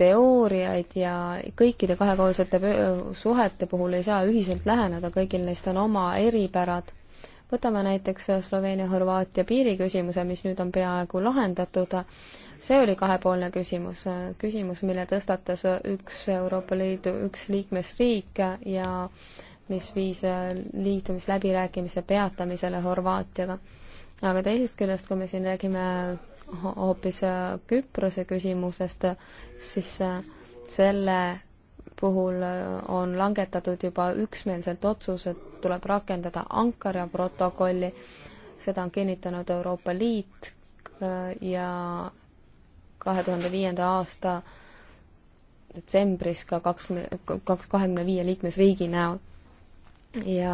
teooriaid ja kõikide kahepoolsete suhete puhul ei saa ühiselt läheneda, kõigil neist on oma eripärad. võtame näiteks Sloveenia-Horvaatia piiriküsimuse, mis nüüd on peaaegu lahendatud. see oli kahepoolne küsimus, küsimus, mille tõstatas üks Euroopa Liidu, üks liikmesriik ja mis viis liitumisläbirääkimise peatamisele Horvaatiaga. aga teisest küljest, kui me siin räägime hoopis äh, Küprose küsimusest, siis äh, selle puhul äh, on langetatud juba üksmeelselt otsus, et tuleb rakendada Ankara protokolli, seda on kinnitanud Euroopa Liit ja kahe tuhande viienda aasta detsembris ka kakskümmend, kahekümne viie liikmesriigi näol. ja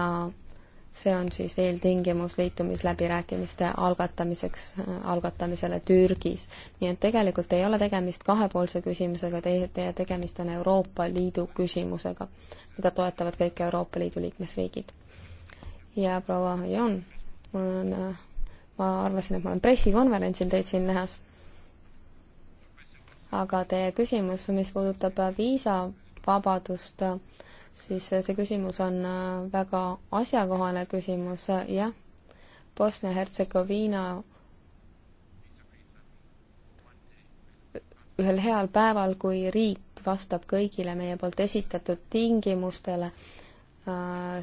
see on siis eeltingimus liitumisläbirääkimiste algatamiseks, äh, algatamisele Türgis. nii et tegelikult ei ole tegemist kahepoolse küsimusega, teie tegemist on Euroopa Liidu küsimusega, mida toetavad kõik Euroopa Liidu liikmesriigid. ja proua Jon, mul on, äh, ma arvasin, et ma olen pressikonverentsil teid siin nähes, aga teie küsimus, mis puudutab viisavabadust, siis see küsimus on äh, väga asjakohane küsimus, äh, jah. Bosnia-Hertsegoviina ühel heal päeval, kui riik vastab kõigile meie poolt esitatud tingimustele, äh,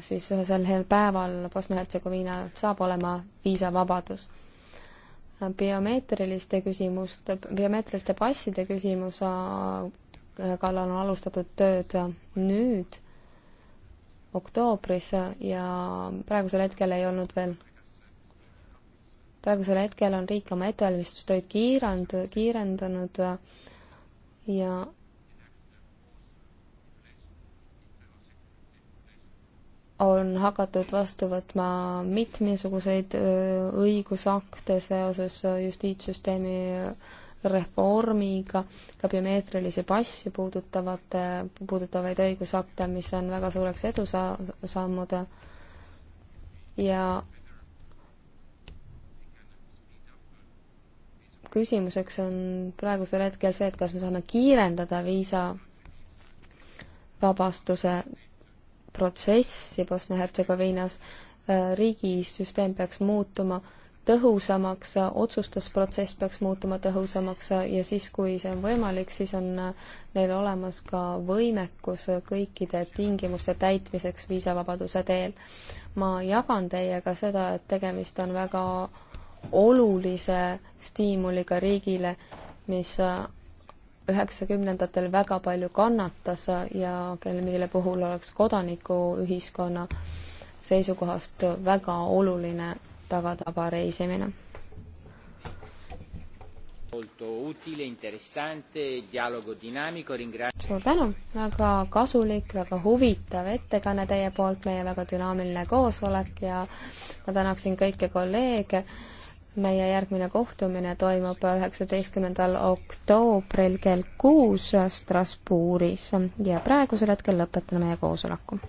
siis ühel heal päeval Bosnia-Hertsegoviina saab olema viisavabadus. biomeetriliste küsimuste, biomeetriliste passide küsimus kallal on alustatud tööd nüüd oktoobris ja praegusel hetkel ei olnud veel praegusel hetkel on riik oma ettevalmistustöid kiirand-, kiirendanud ja on hakatud vastu võtma mitmesuguseid õigusakte seoses justiitssüsteemi reformiga, ka biomeetrilisi passi puudutavate, puudutavaid õigusakte, mis on väga suureks edusammud ja küsimuseks on praegusel hetkel see, et kas me saame kiirendada viisavabastuse protsessi Bosnia-Hertsegoviinas, äh, riigisüsteem peaks muutuma äh, tõhusamaks, otsustusprotsess peaks muutuma tõhusamaks ja siis, kui see on võimalik, siis on neil olemas ka võimekus kõikide tingimuste täitmiseks viisavabaduse teel. ma jagan teiega seda, et tegemist on väga olulise stiimuliga riigile, mis üheksakümnendatel väga palju kannatas ja kelle, mille puhul oleks kodanikuühiskonna seisukohast väga oluline tagada vaba reisimine. suur tänu, väga kasulik, väga huvitav ettekanne teie poolt, meie väga dünaamiline koosolek ja ma tänaksin kõiki kolleege meie järgmine kohtumine toimub üheksateistkümnendal oktoobril kell kuus Strasbourgis ja praegusel hetkel lõpetan meie koosoleku.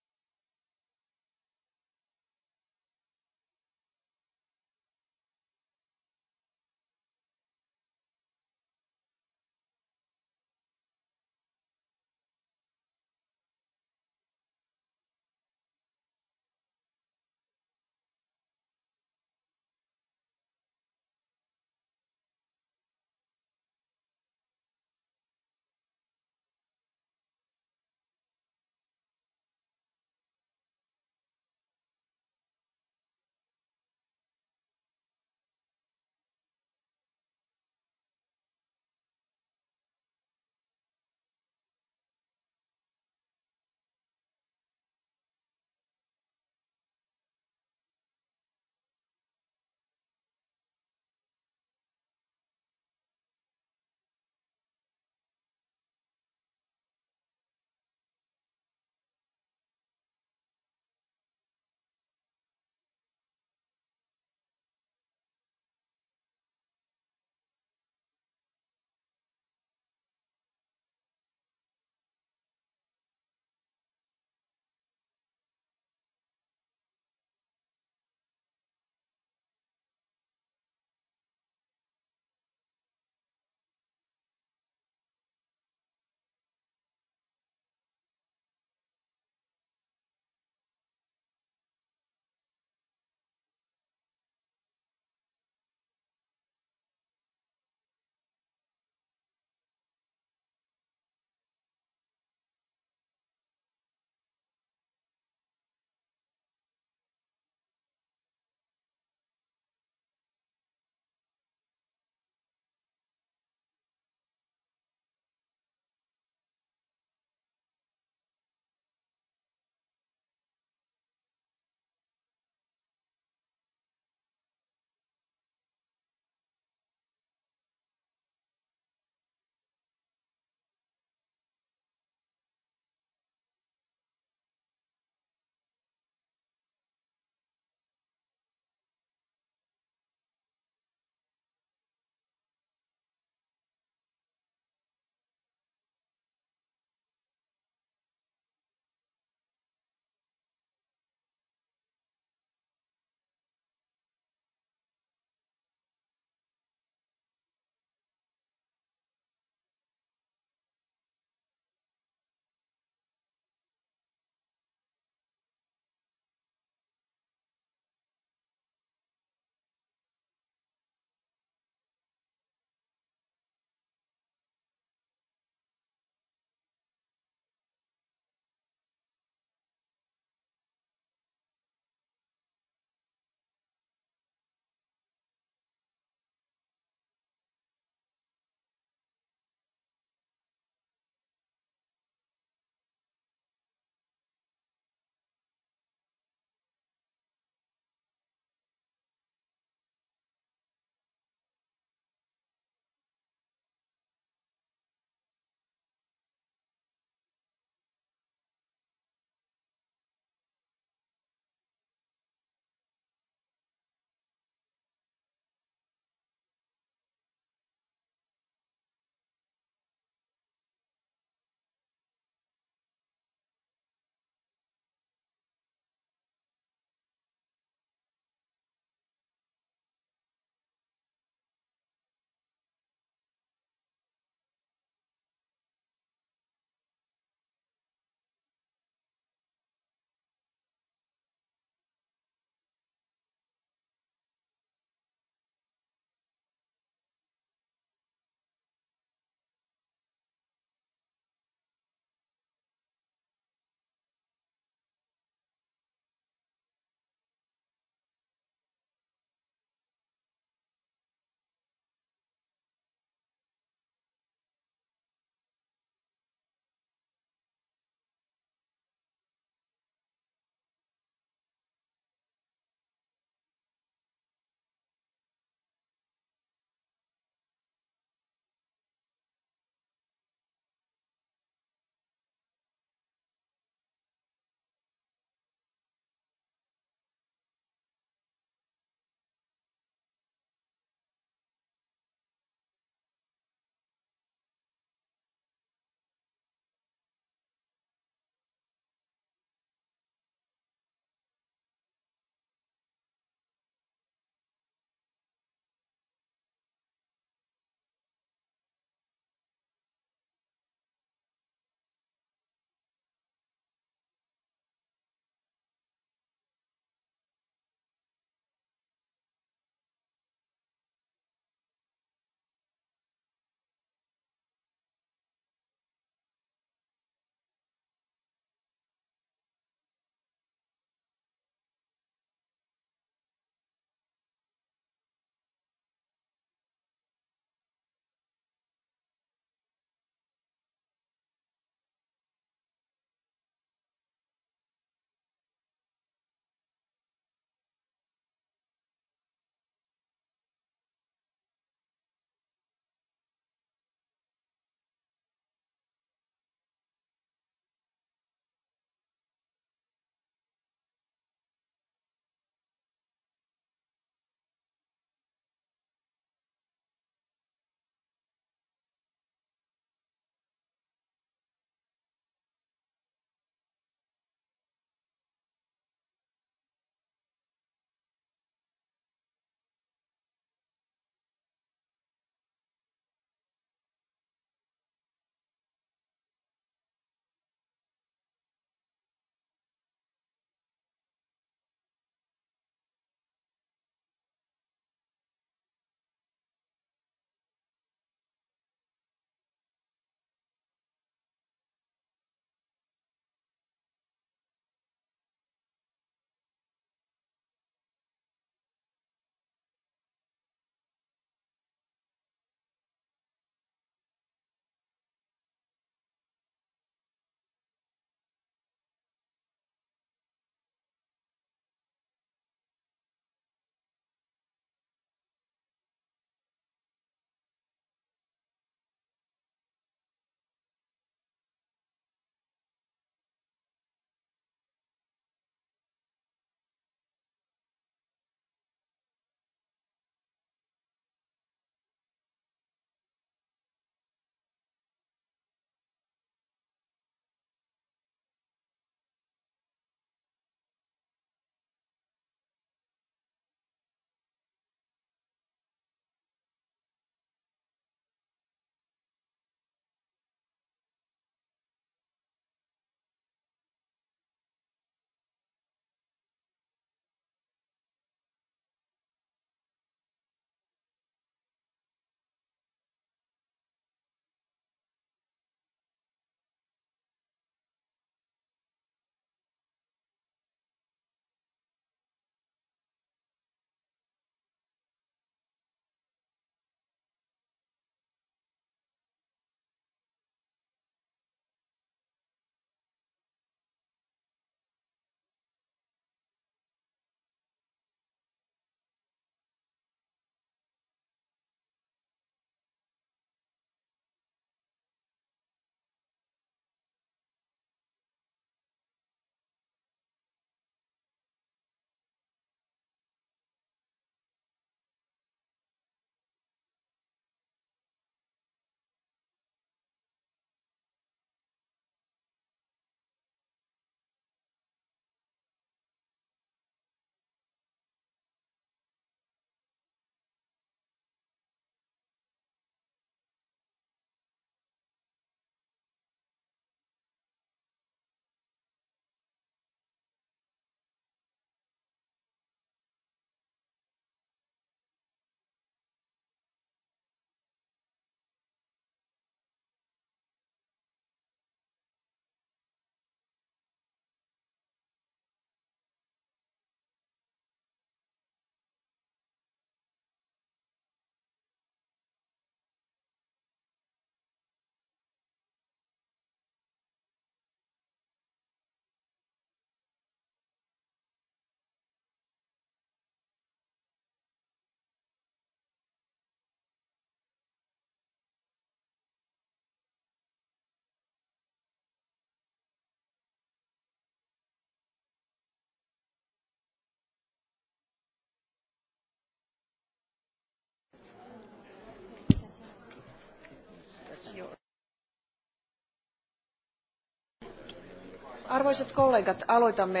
Arvoisat kollegat, aloitamme.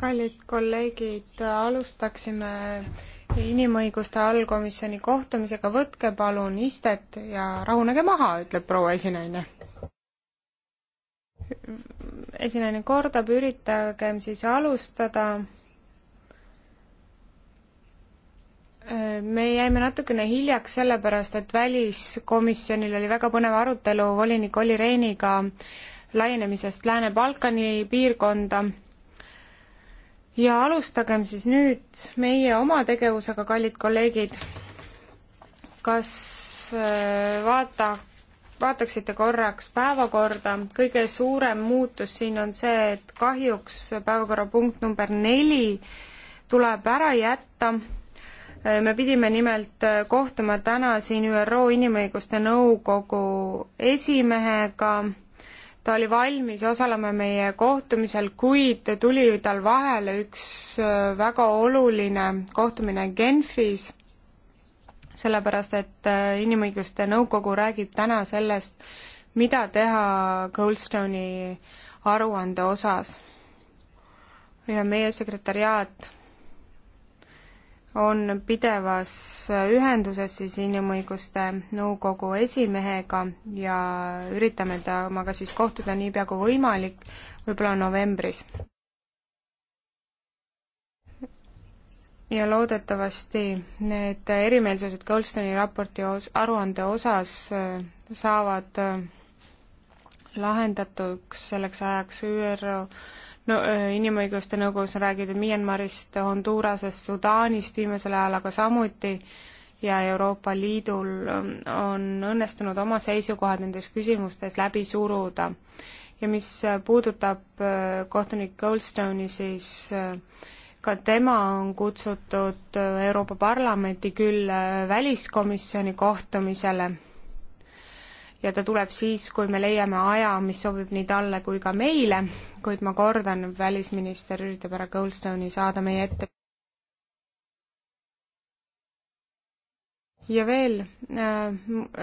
Kallid kolleegid, alustaksime inimõiguste allkomisjoni kohtumisega. Võtke palun istet ja rahunege maha, ütleb proua esinaine. Esinaine kordab, üritagem siis alustada. me jäime natukene hiljaks sellepärast, et väliskomisjonil oli väga põnev arutelu volinik Olli Reiniga äh, laienemisest Lääne-Balkani piirkonda. ja alustagem siis nüüd meie oma tegevusega, kallid kolleegid. kas äh, vaata, vaataksite korraks päevakorda, kõige suurem muutus siin on see, et kahjuks päevakorrapunkt number neli tuleb ära jätta äh, me pidime nimelt äh, kohtuma täna siin ÜRO Inimõiguste Nõukogu esimehega ta oli valmis osalema meie kohtumisel, kuid tuli tal vahele üks äh, väga oluline kohtumine Genfis, sellepärast et äh, Inimõiguste Nõukogu räägib täna sellest, mida teha Goldstone'i aruande osas. ja meie sekretäriaat on pidevas ühenduses siis Inimõiguste Nõukogu esimehega ja üritame temaga siis kohtuda niipea kui võimalik, võib-olla novembris. ja loodetavasti need erimeelsused Goldstoni raporti os-, aruande osas äh, saavad äh, lahendatuks selleks ajaks ÜRO no äh, Inimõiguste Nõukogus on räägitud Myanmarist, Hondurasest, Sudaanist viimasel ajal aga samuti ja Euroopa Liidul ähm, on õnnestunud oma seisukohad nendes küsimustes läbi suruda. ja mis äh, puudutab äh, kohtunik Goldstone'i, siis ka tema on kutsutud Euroopa Parlamenti küll väliskomisjoni kohtumisele ja ta tuleb siis, kui me leiame aja, mis sobib nii talle kui ka meile, kuid ma kordan, välisminister üritab härra Goldstone'i saada meie ette. ja veel, äh,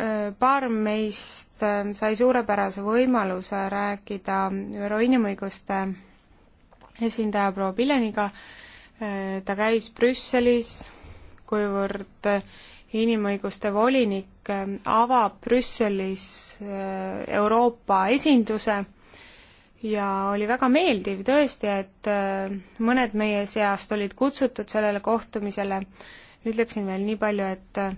äh, paar meist äh, sai suurepärase võimaluse rääkida ÜRO inimõiguste esindaja proua Pileniga, ta käis Brüsselis, kuivõrd inimõiguste volinik ähm, avab Brüsselis äh, Euroopa esinduse ja oli väga meeldiv tõesti, et äh, mõned meie seast olid kutsutud sellele kohtumisele. ütleksin veel nii palju, et äh,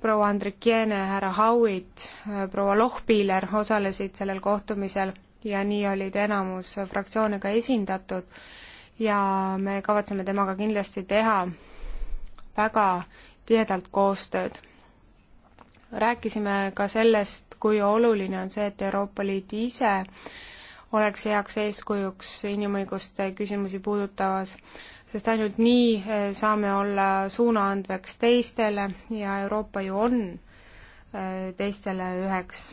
proua Andrikiene, härra Howitt, proua Lohpiiler osalesid sellel kohtumisel ja nii olid enamus fraktsioone ka esindatud ja me kavatseme temaga kindlasti teha väga tihedalt koostööd. rääkisime ka sellest, kui oluline on see, et Euroopa Liit ise oleks heaks eeskujuks inimõiguste küsimusi puudutavas, sest ainult nii eh, saame olla suunaandveks teistele ja Euroopa ju on eh, teistele üheks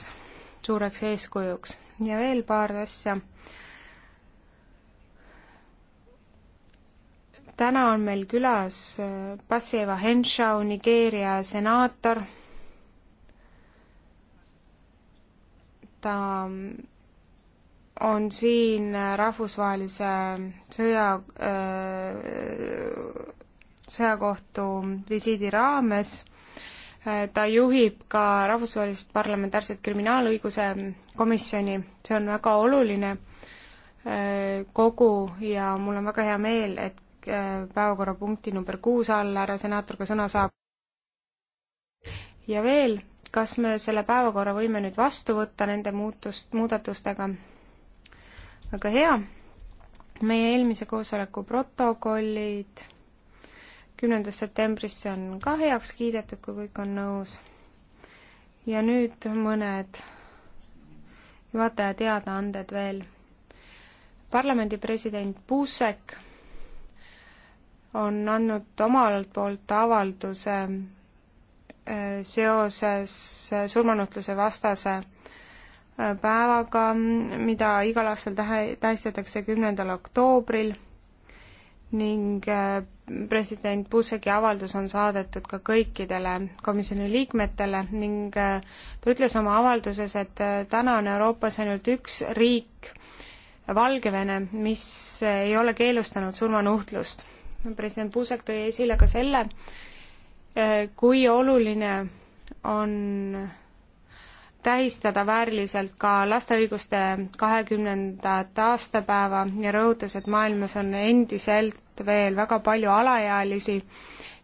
suureks eeskujuks. ja veel paar asja täna on meil külas äh, Baseva Henshau, Nigeeria senaator. ta on siin rahvusvahelise sõja, äh, sõjakohtu visiidi raames. Äh, ta juhib ka rahvusvahelist parlamentaarset kriminaalõiguse komisjoni, see on väga oluline kogu ja mul on väga hea meel, et Äh, päevakorrapunkti number kuus all, härra senaator ka sõna saab. ja veel, kas me selle päevakorra võime nüüd vastu võtta nende muutust, muudatustega? väga hea, meie eelmise koosoleku protokollid kümnendast septembrist, see on ka heaks kiidetud, kui kõik on nõus. ja nüüd mõned juhataja teadaanded veel. parlamendi president Puusek on andnud omalt poolt avalduse äh, seoses äh, surmanutluse vastase äh, päevaga, mida igal aastal tähe, tähistatakse kümnendal oktoobril ning president Buzeki avaldus on saadetud ka kõikidele komisjoni liikmetele ning ta ütles oma avalduses, et täna on Euroopas ainult üks riik, Valgevene, mis ei ole keelustanud surmanuhtlust president Puusek tõi esile ka selle, eh, kui oluline on tähistada vääriliselt ka laste õiguste kahekümnendat aastapäeva ja rõhutas, et maailmas on endiselt veel väga palju alaealisi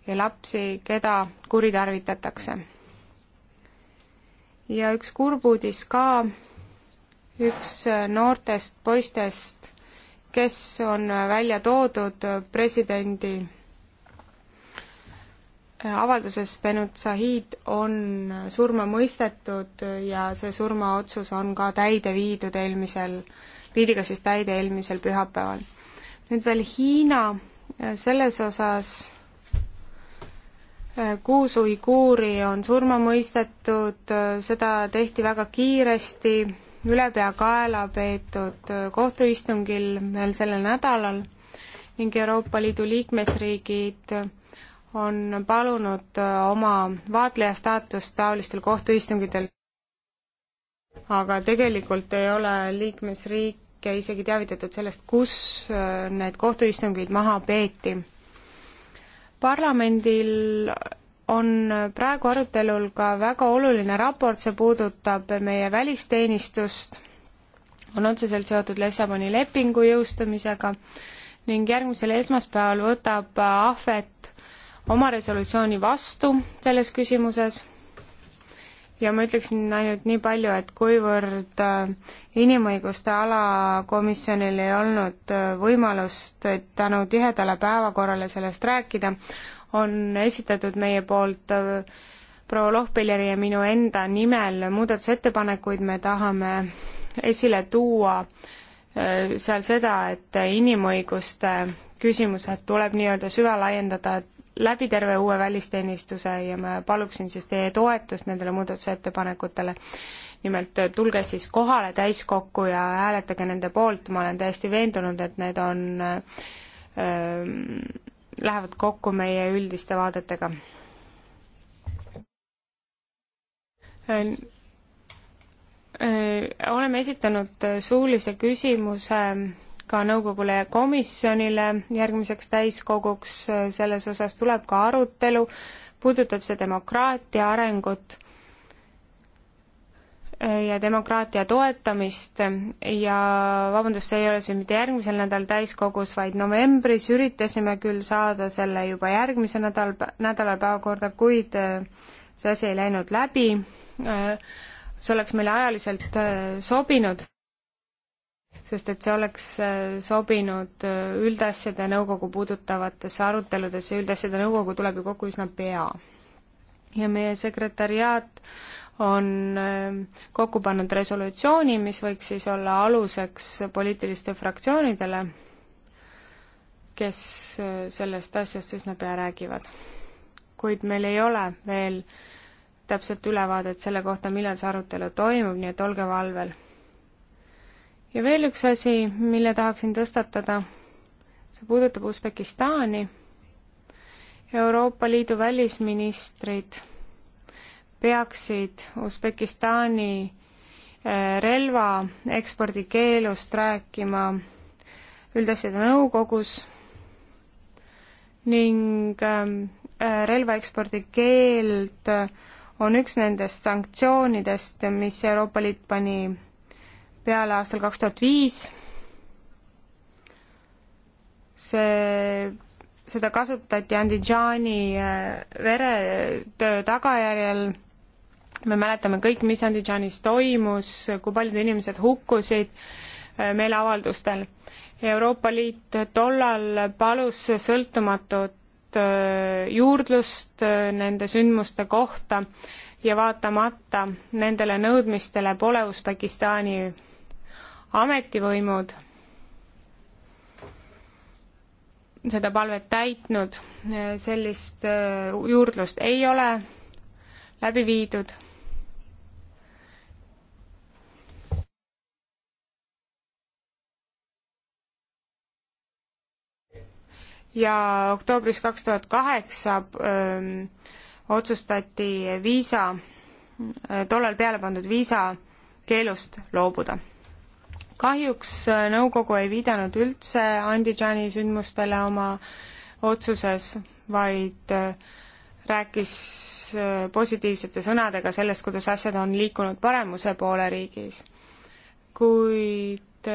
ja lapsi, keda kuritarvitatakse. ja üks kurb uudis ka, üks noortest poistest kes on välja toodud presidendi avalduses Benut Zahid on surma mõistetud ja see surmaotsus on ka täide viidud eelmisel, viidi ka siis täide eelmisel pühapäeval. nüüd veel Hiina, selles osas äh, kuus uiguuri on surma mõistetud, äh, seda tehti väga kiiresti ülepeakaela peetud kohtuistungil veel sellel nädalal ning Euroopa Liidu liikmesriigid on palunud oma vaatleja staatust taolistel kohtuistungitel. aga tegelikult ei ole liikmesriike isegi teavitatud sellest, kus need kohtuistungid maha peeti. parlamendil on praegu arutelul ka väga oluline raport, see puudutab meie välisteenistust, on otseselt seotud Lissaboni lepingu jõustumisega ning järgmisel esmaspäeval võtab Ahvet oma resolutsiooni vastu selles küsimuses ja ma ütleksin ainult nii palju, et kuivõrd äh, inimõiguste alakomisjonil ei olnud äh, võimalust tänu tihedale päevakorrale sellest rääkida, on esitatud meie poolt äh, proua Lohpilleri ja minu enda nimel muudatusettepanekuid, me tahame esile tuua äh, seal seda, et inimõiguste küsimused tuleb nii-öelda süvalaiendada läbi terve uue välisteenistuse ja ma paluksin siis teie toetust nendele muudatusettepanekutele. nimelt äh, tulge siis kohale täiskokku ja hääletage nende poolt, ma olen täiesti veendunud, et need on öö, lähevad kokku meie üldiste vaadetega. Äh, äh, oleme esitanud suulise küsimuse ka nõukogule ja komisjonile järgmiseks täiskoguks, selles osas tuleb ka arutelu, puudutab see demokraatia arengut ja demokraatia toetamist ja vabandust, see ei ole siis mitte järgmisel nädalal täiskogus, vaid novembris üritasime küll saada selle juba järgmise nädal, nädala päevakorda, kuid äh, see asi ei läinud läbi. Äh, see oleks meile ajaliselt äh, sobinud, sest et see oleks sobinud üldasjade nõukogu puudutavatesse aruteludesse, üldasjade nõukogu tuleb ju kokku üsna pea. ja meie sekretäriaat on ähm, kokku pannud resolutsiooni, mis võiks siis olla aluseks poliitilistele fraktsioonidele, kes äh, sellest asjast üsna pea räägivad. kuid meil ei ole veel täpset ülevaadet selle kohta, millal see arutelu toimub, nii et olge valvel. ja veel üks asi, mille tahaksin tõstatada, see puudutab Usbekistani. Euroopa Liidu välisministrid peaksid Usbekistani äh, relva ekspordi keelust rääkima üldasjade nõukogus ning ähm, äh, relvaekspordi keeld on üks nendest sanktsioonidest, mis Euroopa Liit pani peale aastal kaks tuhat viis. see, seda kasutati Andijani äh, vere tagajärjel me mäletame kõik, mis Andidžanis toimus, kui paljud inimesed hukkusid äh, meeleavaldustel. Euroopa Liit tollal palus sõltumatut äh, juurdlust äh, nende sündmuste kohta ja vaatamata nendele nõudmistele pole Usbekistani ametivõimud seda palvet täitnud, sellist juurdlust ei ole läbi viidud ja oktoobris kaks tuhat kaheksa ähm, otsustati viisa, äh, tollal peale pandud viisa keelust loobuda. kahjuks äh, nõukogu ei viidanud üldse Andijani sündmustele oma otsuses, vaid äh, rääkis positiivsete sõnadega sellest, kuidas asjad on liikunud paremuse poole riigis. kuid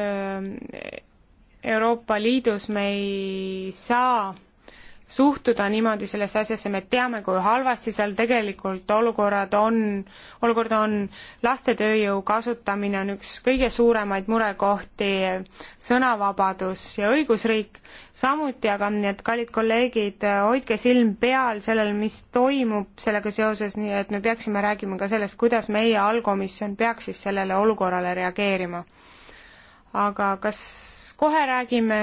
Euroopa Liidus me ei saa suhtuda niimoodi sellesse asjasse, me teame, kui halvasti seal tegelikult olukorrad on, olukord on, lastetööjõu kasutamine on üks kõige suuremaid murekohti, sõnavabadus ja õigusriik, samuti aga nii et kallid kolleegid, hoidke silm peal sellel, mis toimub sellega seoses, nii et me peaksime rääkima ka sellest, kuidas meie allkomisjon peaks siis sellele olukorrale reageerima. aga kas kohe räägime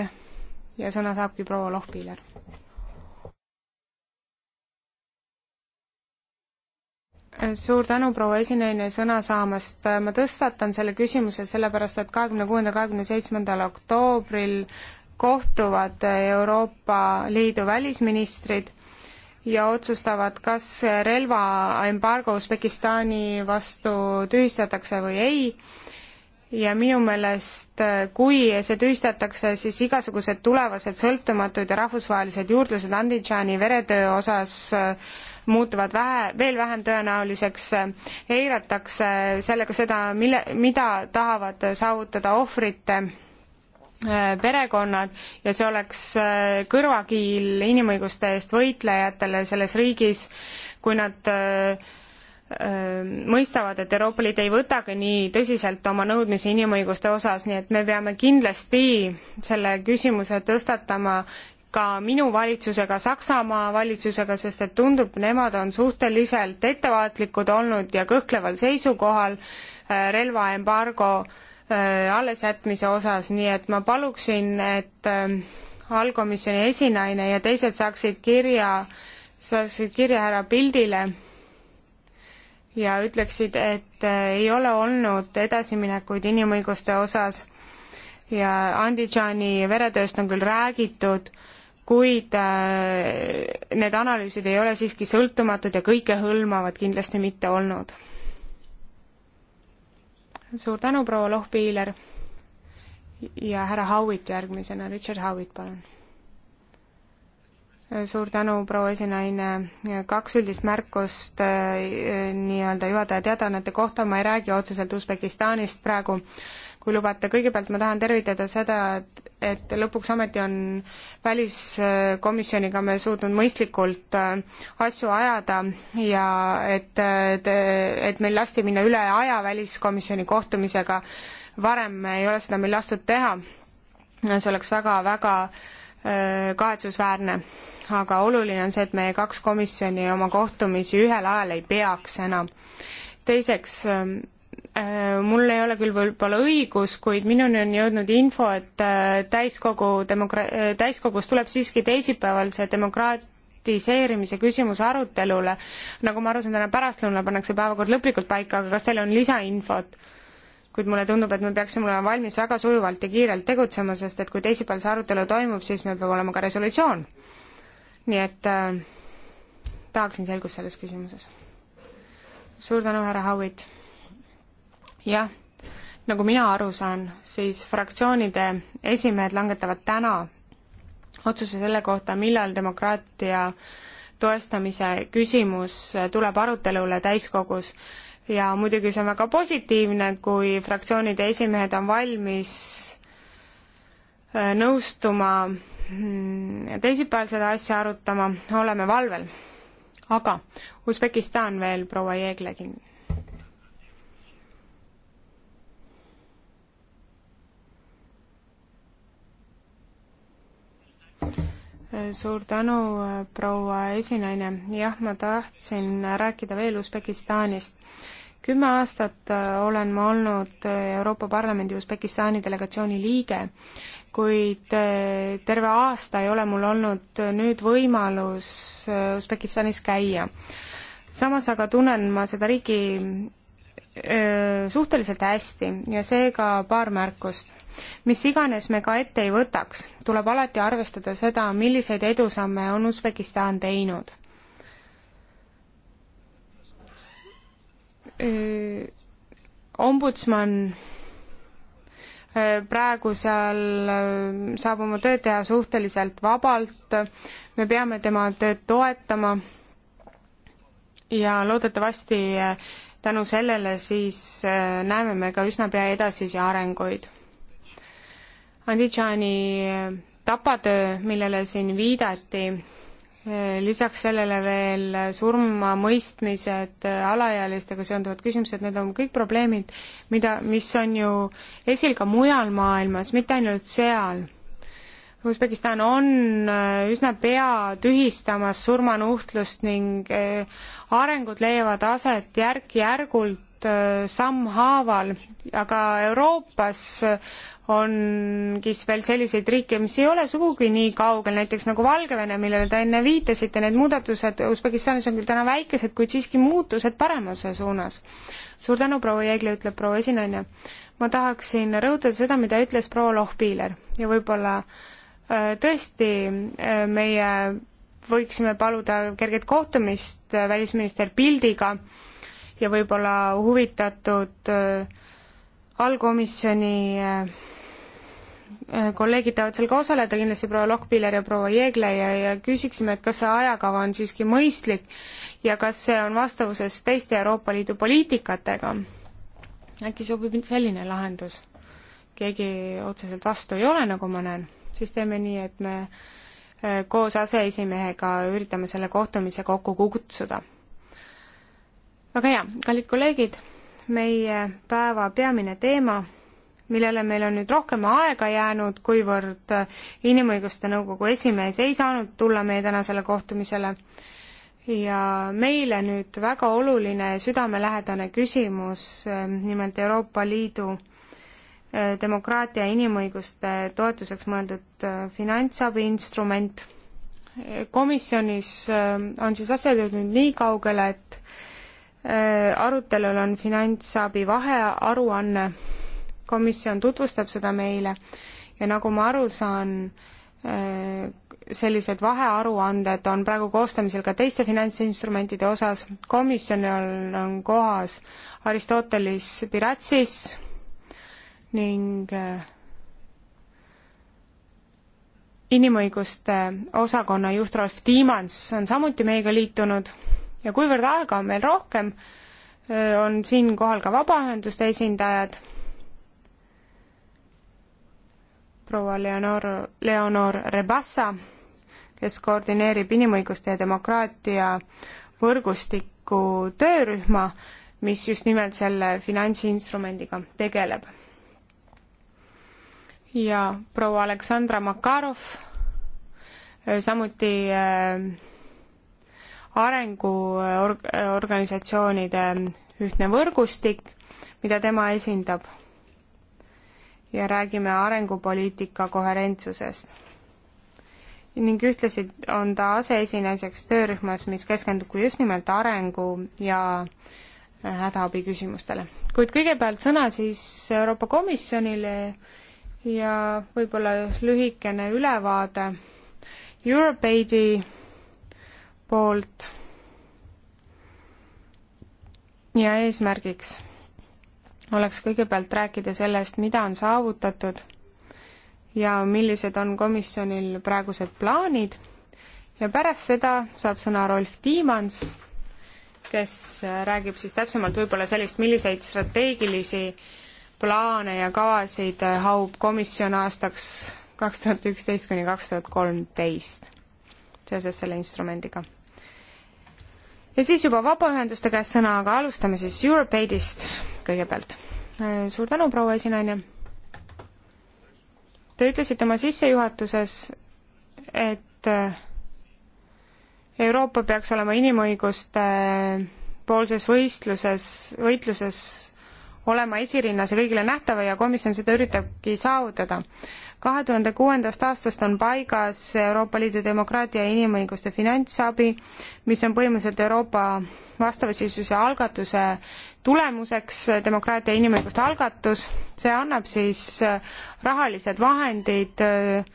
ja sõna saabki proua Lohpiiler. suur tänu, proua esineja, sõna saamast. ma tõstatan selle küsimuse sellepärast, et kahekümne kuuenda, kahekümne seitsmendal oktoobril kohtuvad Euroopa Liidu välisministrid ja otsustavad, kas relvaembargo Usbekistani vastu tühistatakse või ei ja minu meelest, äh, kui see tühistatakse, siis igasugused tulevased sõltumatud ja rahvusvahelised juurdlused Andidžaani veretöö osas äh, muutuvad vähe, veel vähem tõenäoliseks, äh, eiratakse sellega seda, mille, mida tahavad saavutada ohvrite perekonnad ja see oleks kõrvakiil inimõiguste eest võitlejatele selles riigis, kui nad äh, Ähm, mõistavad, et Euroopa Liit ei võtagi nii tõsiselt oma nõudmisi inimõiguste osas, nii et me peame kindlasti selle küsimuse tõstatama ka minu valitsusega, Saksamaa valitsusega, sest et tundub, nemad on suhteliselt ettevaatlikud olnud ja kõhkleval seisukohal äh, relvaembargo äh, allesjätmise osas, nii et ma paluksin, et äh, allkomisjoni esinaine ja teised saaksid kirja, saaksid kirja härra Pildile ja ütleksid, et eh, ei ole olnud edasiminekuid inimõiguste osas ja Andidžaani veretööst on küll räägitud, kuid eh, need analüüsid ei ole siiski sõltumatud ja kõikehõlmavad kindlasti mitte olnud. suur tänu, proua Lohpiiler ja härra Howitt järgmisena, Richard Howitt, palun suur tänu, proua esinaine, kaks üldist märkust äh, nii-öelda juhataja teadaannete kohta, ma ei räägi otseselt Usbekistanist praegu, kui lubate, kõigepealt ma tahan tervitada seda, et, et lõpuks ometi on väliskomisjoniga me suutnud mõistlikult äh, asju ajada ja et, et, et meil lasti minna üle aja väliskomisjoni kohtumisega, varem ei ole seda meil lastud teha. see oleks väga-väga Äh, kahetsusväärne. aga oluline on see, et meie kaks komisjoni oma kohtumisi ühel ajal ei peaks enam. teiseks, ähm, äh, mul ei ole küll võib-olla õigus, kuid minuni on jõudnud info, et äh, täiskogu demokra-, täiskogus tuleb siiski teisipäeval see demokraat-, praktiseerimise küsimuse arutelule. nagu ma aru saan, täna pärastlõunal pannakse päevakord lõplikult paika, aga kas teil on lisainfot? kuid mulle tundub, et me peaksime olema valmis väga sujuvalt ja kiirelt tegutsema, sest et kui teisipäeval see arutelu toimub, siis meil peab olema ka resolutsioon. nii et äh, tahaksin selgust selles küsimuses. suur tänu, härra Howitt. jah, nagu mina aru saan, siis fraktsioonide esimehed langetavad täna otsuse selle kohta, millal demokraatia toestamise küsimus äh, tuleb arutelule täiskogus ja muidugi see on väga positiivne, kui fraktsioonide esimehed on valmis äh, nõustuma mm, teisipäeval seda asja arutama, oleme valvel. aga Usbekistan veel, proua Jeeglekin. suur tänu, äh, proua esinaine. jah, ma tahtsin rääkida veel Usbekistanist. kümme aastat äh, olen ma olnud äh, Euroopa Parlamendi Usbekistani delegatsiooni liige, kuid terve aasta ei ole mul olnud nüüd võimalus Usbekistanis käia. samas aga tunnen ma seda riigi suhteliselt hästi ja seega paar märkust mis iganes me ka ette ei võtaks, tuleb alati arvestada seda, milliseid edusamme on Usbekistan teinud. ombudsman praegu seal saab oma tööd teha suhteliselt vabalt, me peame tema tööd toetama ja loodetavasti tänu sellele siis näeme me ka üsna pea edasisi arenguid Andidžaani eh, tapatöö, millele siin viidati, eh, lisaks sellele veel surmamõistmised, eh, alaealistega seonduvad küsimused, need on kõik probleemid, mida, mis on ju esil ka mujal maailmas, mitte ainult seal. Usbekistan on üsna pea tühistamas surmanuhtlust ning arengud leiavad aset järk-järgult saanud äh, sammhaaval, aga Euroopas ongi veel selliseid riike, mis ei ole sugugi nii kaugel, näiteks nagu Valgevene, millele te enne viitasite, need muudatused Usbekistanis on küll täna väikesed, kuid siiski muutused paremuse suunas. suur tänu, proua Jeegli, ütleb proua esinaine. ma tahaksin rõhutada seda, mida ütles proua Lohpiiler ja võib-olla äh, tõesti äh, meie võiksime paluda kerget kohtumist välisminister Pildiga ja võib-olla huvitatud äh, allkomisjoni äh, äh, kolleegid tahavad seal ka osaleda, kindlasti proua Lohkpiller ja proua Jeegle ja, ja küsiksime, et kas see ajakava on siiski mõistlik ja kas see on vastavuses teiste Euroopa Liidu poliitikatega. äkki sobib selline lahendus? keegi otseselt vastu ei ole, nagu ma näen, siis teeme nii, et me koos aseesimehega üritame selle kohtumise kokku kutsuda väga hea, kallid kolleegid, meie päeva peamine teema, millele meil on nüüd rohkem aega jäänud, kuivõrd äh, Inimõiguste Nõukogu esimees ei saanud tulla meie tänasele kohtumisele, ja meile nüüd väga oluline südamelähedane küsimus, äh, nimelt Euroopa Liidu äh, demokraatia ja inimõiguste toetuseks mõeldud finantsabiinstrument. komisjonis on siis asjad jõudnud nii kaugele, et Äh, arutelul on finantsabi vahearuanne, komisjon tutvustab seda meile ja nagu ma aru saan, äh, sellised vahearuanded on praegu koostamisel ka teiste finantsinstrumentide osas, komisjonil on kohas Aristoteles Piratsis ning äh, inimõiguste osakonna juht Rolf Tiimans on samuti meiega liitunud ja kuivõrd aega on meil rohkem, on siinkohal ka vabaühenduste esindajad. proua Leonor, Leonor Rebassa, kes koordineerib inimõiguste ja demokraatia võrgustiku töörühma, mis just nimelt selle finantsinstrumendiga tegeleb. ja proua Aleksandra Makarov, samuti äh, arenguorganisatsioonide äh, äh, ühtne võrgustik, mida tema esindab. ja räägime arengupoliitika koherentsusest. ning ühtlasi on ta aseesinaiseks töörühmas, mis keskendub just nimelt arengu ja äh, hädaabi küsimustele. kuid kõigepealt sõna siis Euroopa Komisjonile ja võib-olla lühikene ülevaade EuropeAidi poolt ja eesmärgiks oleks kõigepealt rääkida sellest, mida on saavutatud ja millised on komisjonil praegused plaanid ja pärast seda saab sõna Rolf Tiimans, kes räägib siis täpsemalt võib-olla sellist, milliseid strateegilisi plaane ja kavasid haub komisjon aastaks kaks tuhat üksteist kuni kaks tuhat kolmteist seoses selle instrumendiga. ja siis juba vabaühenduste käest sõna, aga alustame siis Europeidist kõigepealt. suur tänu, proua esinaine. Te ütlesite oma sissejuhatuses, et Euroopa peaks olema inimõiguste poolses võistluses, võitluses olema esirinnas ja kõigile nähtav ja komisjon seda üritabki saavutada. kahe tuhande kuuendast aastast on paigas Euroopa Liidu demokraatia ja inimõiguste finantsabi, mis on põhimõtteliselt Euroopa vastavasisuse algatuse tulemuseks, demokraatia ja inimõiguste algatus, see annab siis äh, rahalised vahendid äh,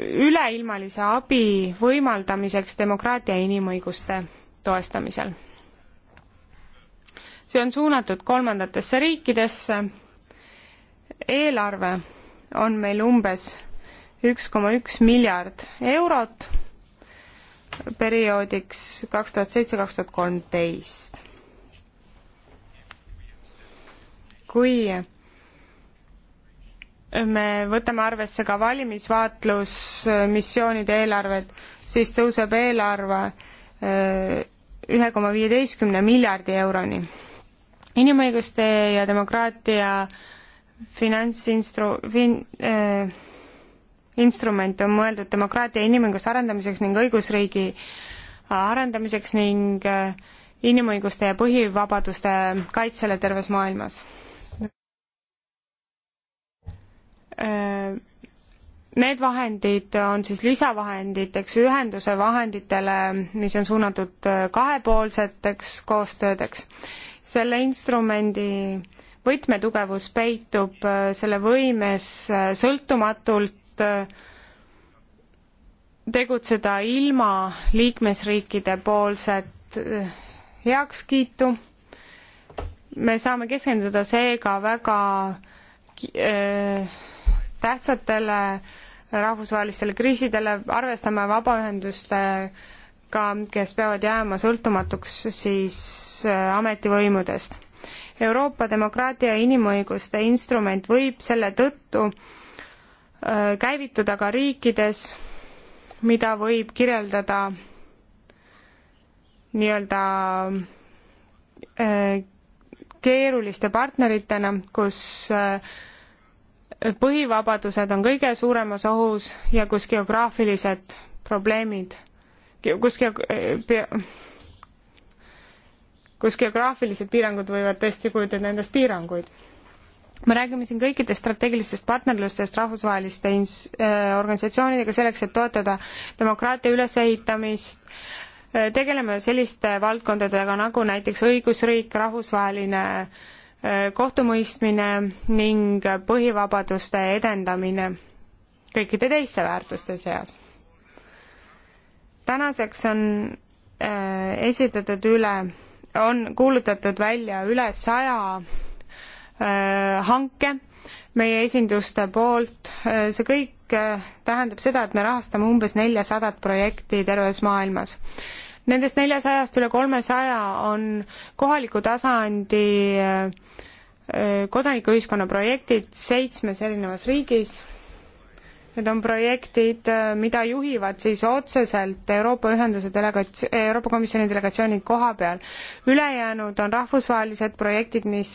üleilmalise abi võimaldamiseks demokraatia ja inimõiguste toestamisel see on suunatud kolmandatesse riikidesse. eelarve on meil umbes üks koma üks miljard eurot perioodiks kaks tuhat seitse, kaks tuhat kolmteist. kui me võtame arvesse ka valimisvaatlusmissioonide eelarved, siis tõuseb eelarve äh, ühe koma viieteistkümne miljardi euroni inimõiguste ja demokraatia finantsinstru-, fin- äh,, instrument on mõeldud demokraatia ja inimõiguste arendamiseks ning õigusriigi arendamiseks ning eh, inimõiguste ja põhivabaduste kaitsele terves maailmas. Eh, need vahendid on siis lisavahenditeks ühenduse vahenditele, mis on suunatud kahepoolseteks koostöödeks selle instrumendi võtmetugevus peitub äh, selle võimes äh, sõltumatult äh, tegutseda ilma liikmesriikide poolset heakskiitu. me saame keskenduda seega väga tähtsatele rahvusvahelistele kriisidele, arvestame vabaühenduste ka, kes peavad jääma sõltumatuks siis äh, ametivõimudest. Euroopa demokraatia ja inimõiguste instrument võib selle tõttu äh, käivituda ka riikides, mida võib kirjeldada nii-öelda äh, keeruliste partneritena, kus põhivabadused on kõige suuremas ohus ja kus geograafilised probleemid kus geo-, kus geograafilised piirangud võivad tõesti kujutada endast piiranguid. me räägime siin kõikidest strateegilistest partnerlustest rahvusvaheliste ins-, äh, organisatsioonidega selleks, et toetada demokraatia ülesehitamist, äh, tegeleme selliste valdkondadega nagu näiteks õigusriik, rahvusvaheline äh, kohtumõistmine ning põhivabaduste edendamine kõikide teiste väärtuste seas tänaseks on äh, esitatud üle, on kuulutatud välja üle saja äh, hanke meie esinduste poolt, äh, see kõik äh, tähendab seda, et me rahastame umbes neljasadat projekti terves maailmas. Nendest neljasajast üle kolmesaja on kohaliku tasandi äh, äh kodanikuühiskonna projektid seitsmes erinevas riigis Need on projektid, äh, mida juhivad siis otseselt Euroopa Ühenduse delegats-, Euroopa Komisjoni delegatsioonid koha peal. ülejäänud on rahvusvahelised projektid, mis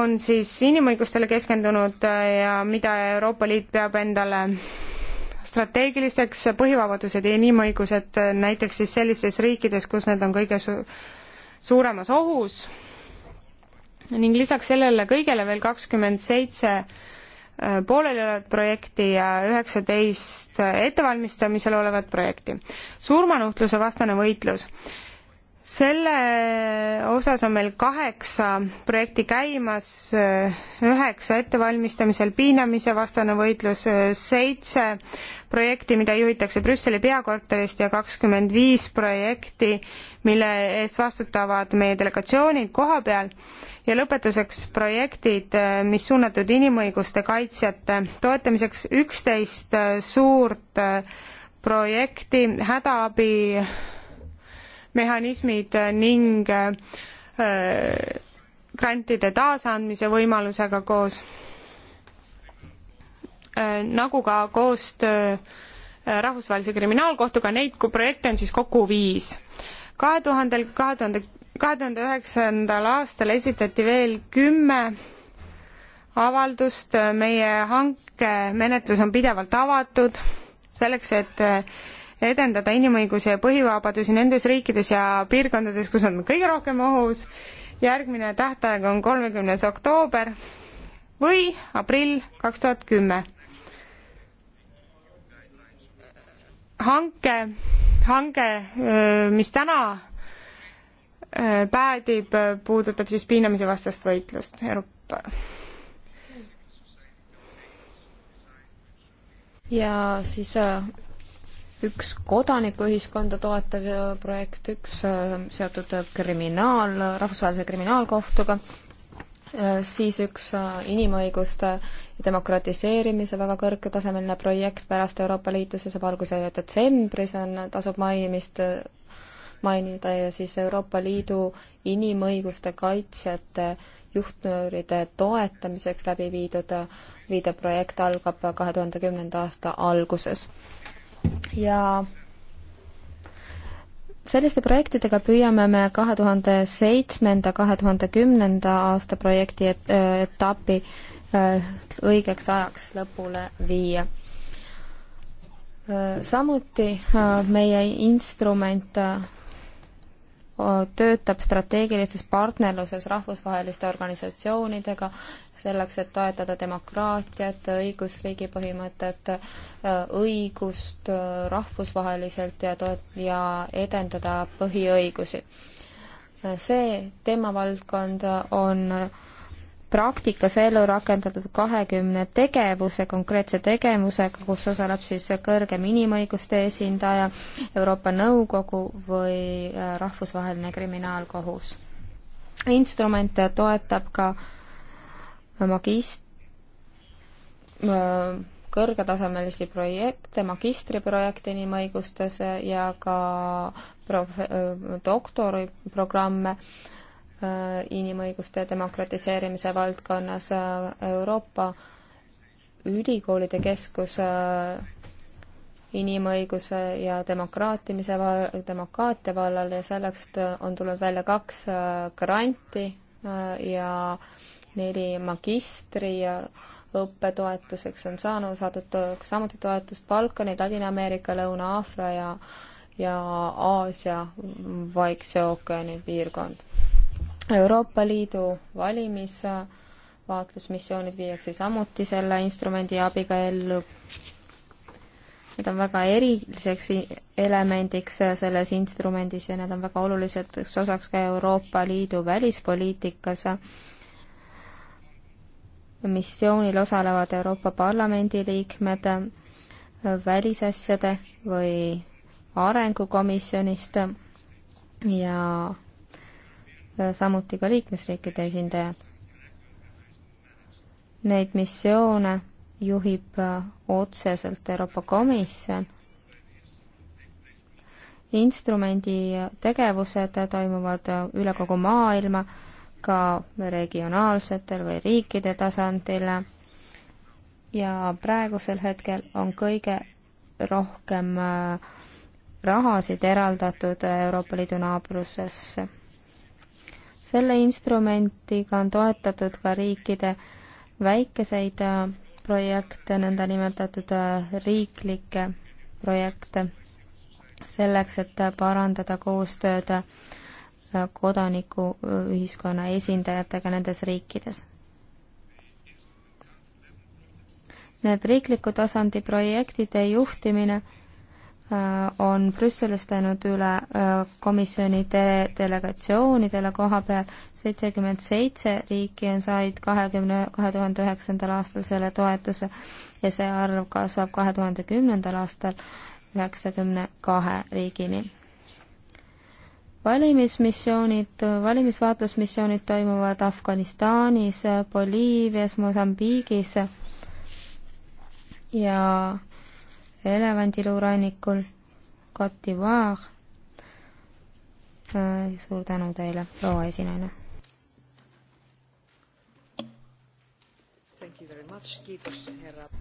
on siis inimõigustele keskendunud äh, ja mida Euroopa Liit peab endale strateegilisteks põhivabadused ja inimõigused äh, näiteks siis sellistes riikides, kus need on kõige su-, suuremas ohus ning lisaks sellele kõigele veel kakskümmend seitse pooleli olevat projekti ja üheksateist ettevalmistamisel olevat projekti. surmanuhtluse vastane võitlus selle osas on meil kaheksa projekti käimas, üheksa ettevalmistamisel piinamise vastane võitlus, seitse projekti, mida juhitakse Brüsseli peakorterist ja kakskümmend viis projekti, mille eest vastutavad meie delegatsioonid koha peal ja lõpetuseks projektid, mis suunatud inimõiguste kaitsjate toetamiseks, üksteist suurt projekti hädaabi mehhanismid ning äh, grantide taasandmise võimalusega koos, äh, nagu ka koostöö äh, Rahvusvahelise Kriminaalkohtuga, neid kui projekte on siis kokku viis. kahe tuhandel, kahe tuhande, kahe tuhande üheksandal aastal esitati veel kümme avaldust, meie hankemenetlus on pidevalt avatud selleks, et edendada inimõigusi ja põhivabadusi nendes riikides ja piirkondades, kus nad on kõige rohkem ohus. järgmine tähtaeg on kolmekümnes oktoober või aprill kaks tuhat kümme. hanke, hange, mis täna päädib, puudutab siis piinamise vastast võitlust Euroopa ja siis üks kodanikuühiskonda toetav äh, projekt, üks äh, seotud äh, kriminaal, rahvusvahelise kriminaalkohtuga, siis üks inimõiguste ja demokratiseerimise väga kõrgetasemeline projekt pärast Euroopa Liitu, see saab alguse detsembris, on, tasub mainimist, mainida, ja siis Euroopa Liidu inimõiguste kaitsjate juhtnööride toetamiseks läbi viidud, viidav projekt algab kahe tuhande kümnenda aasta alguses ja selliste projektidega püüame me kahe tuhande seitsmenda, kahe tuhande kümnenda aasta projekti et, etapi äh, õigeks ajaks lõpule viia. Äh, samuti äh, meie instrument töötab strateegilistes partnerluses rahvusvaheliste organisatsioonidega selleks, et toetada demokraatiat, õigusriigi põhimõtet, õigust rahvusvaheliselt ja toet- ja edendada põhiõigusi. see teemavaldkond on praktikas ellu rakendatud kahekümne tegevuse, konkreetse tegevusega, kus osaleb siis kõrgem inimõiguste esindaja, Euroopa Nõukogu või äh, Rahvusvaheline Kriminaalkohus. instrument toetab ka magist-, äh, kõrgetasemelisi projekte, magistriprojekte inimõigustes ja ka prof-, äh, doktoriprogramme Äh, inimõiguste demokratiseerimise valdkonnas äh, Euroopa Ülikoolide Keskus äh, inimõiguse ja demokraatimise, demokraatia vallal ja sellest on tulnud välja kaks granti ja neli magistri õppetoetuseks on saanud, saadud samuti toetust Balkani, Ladina-Ameerika, Lõuna-Aafra ja ja Aasia Vaikse ookeani piirkond Euroopa Liidu valimisvaatlusmissioonid viiakse samuti selle instrumendi abiga ellu. Need on väga eriliseks elemendiks selles instrumendis ja need on väga oluliseks osaks ka Euroopa Liidu välispoliitikas. missioonil osalevad Euroopa Parlamendi liikmed, välisasjade või arengukomisjonist ja Äh, samuti ka liikmesriikide esindajad. Neid missioone juhib äh, otseselt Euroopa Komisjon. instrumendi äh, tegevused toimuvad üle kogu maailma, ka regionaalsetel või riikide tasandil ja praegusel hetkel on kõige rohkem rahasid eraldatud Euroopa Liidu naabrusesse selle instrumentiga on toetatud ka riikide väikeseid äh, projekte, nõndanimetatud äh, riiklikke projekte, selleks, et parandada koostööd äh, kodanikuühiskonna esindajatega nendes riikides. Need riikliku tasandi projektide juhtimine Äh, on Brüsselis teinud üle äh, komisjoni de delegatsioonidele koha peal, seitsekümmend seitse riiki on said kahekümne, kahe tuhande üheksandal aastal selle toetuse ja see arv kasvab kahe tuhande kümnendal aastal üheksakümne kahe riigini. valimismissioonid, valimisvaatlusmissioonid toimuvad Afganistanis, Boliivias, Mosambiigis ja elevandiluurannikul, Cote d'Ivoire. Äh, suur tänu teile, proua esinaine.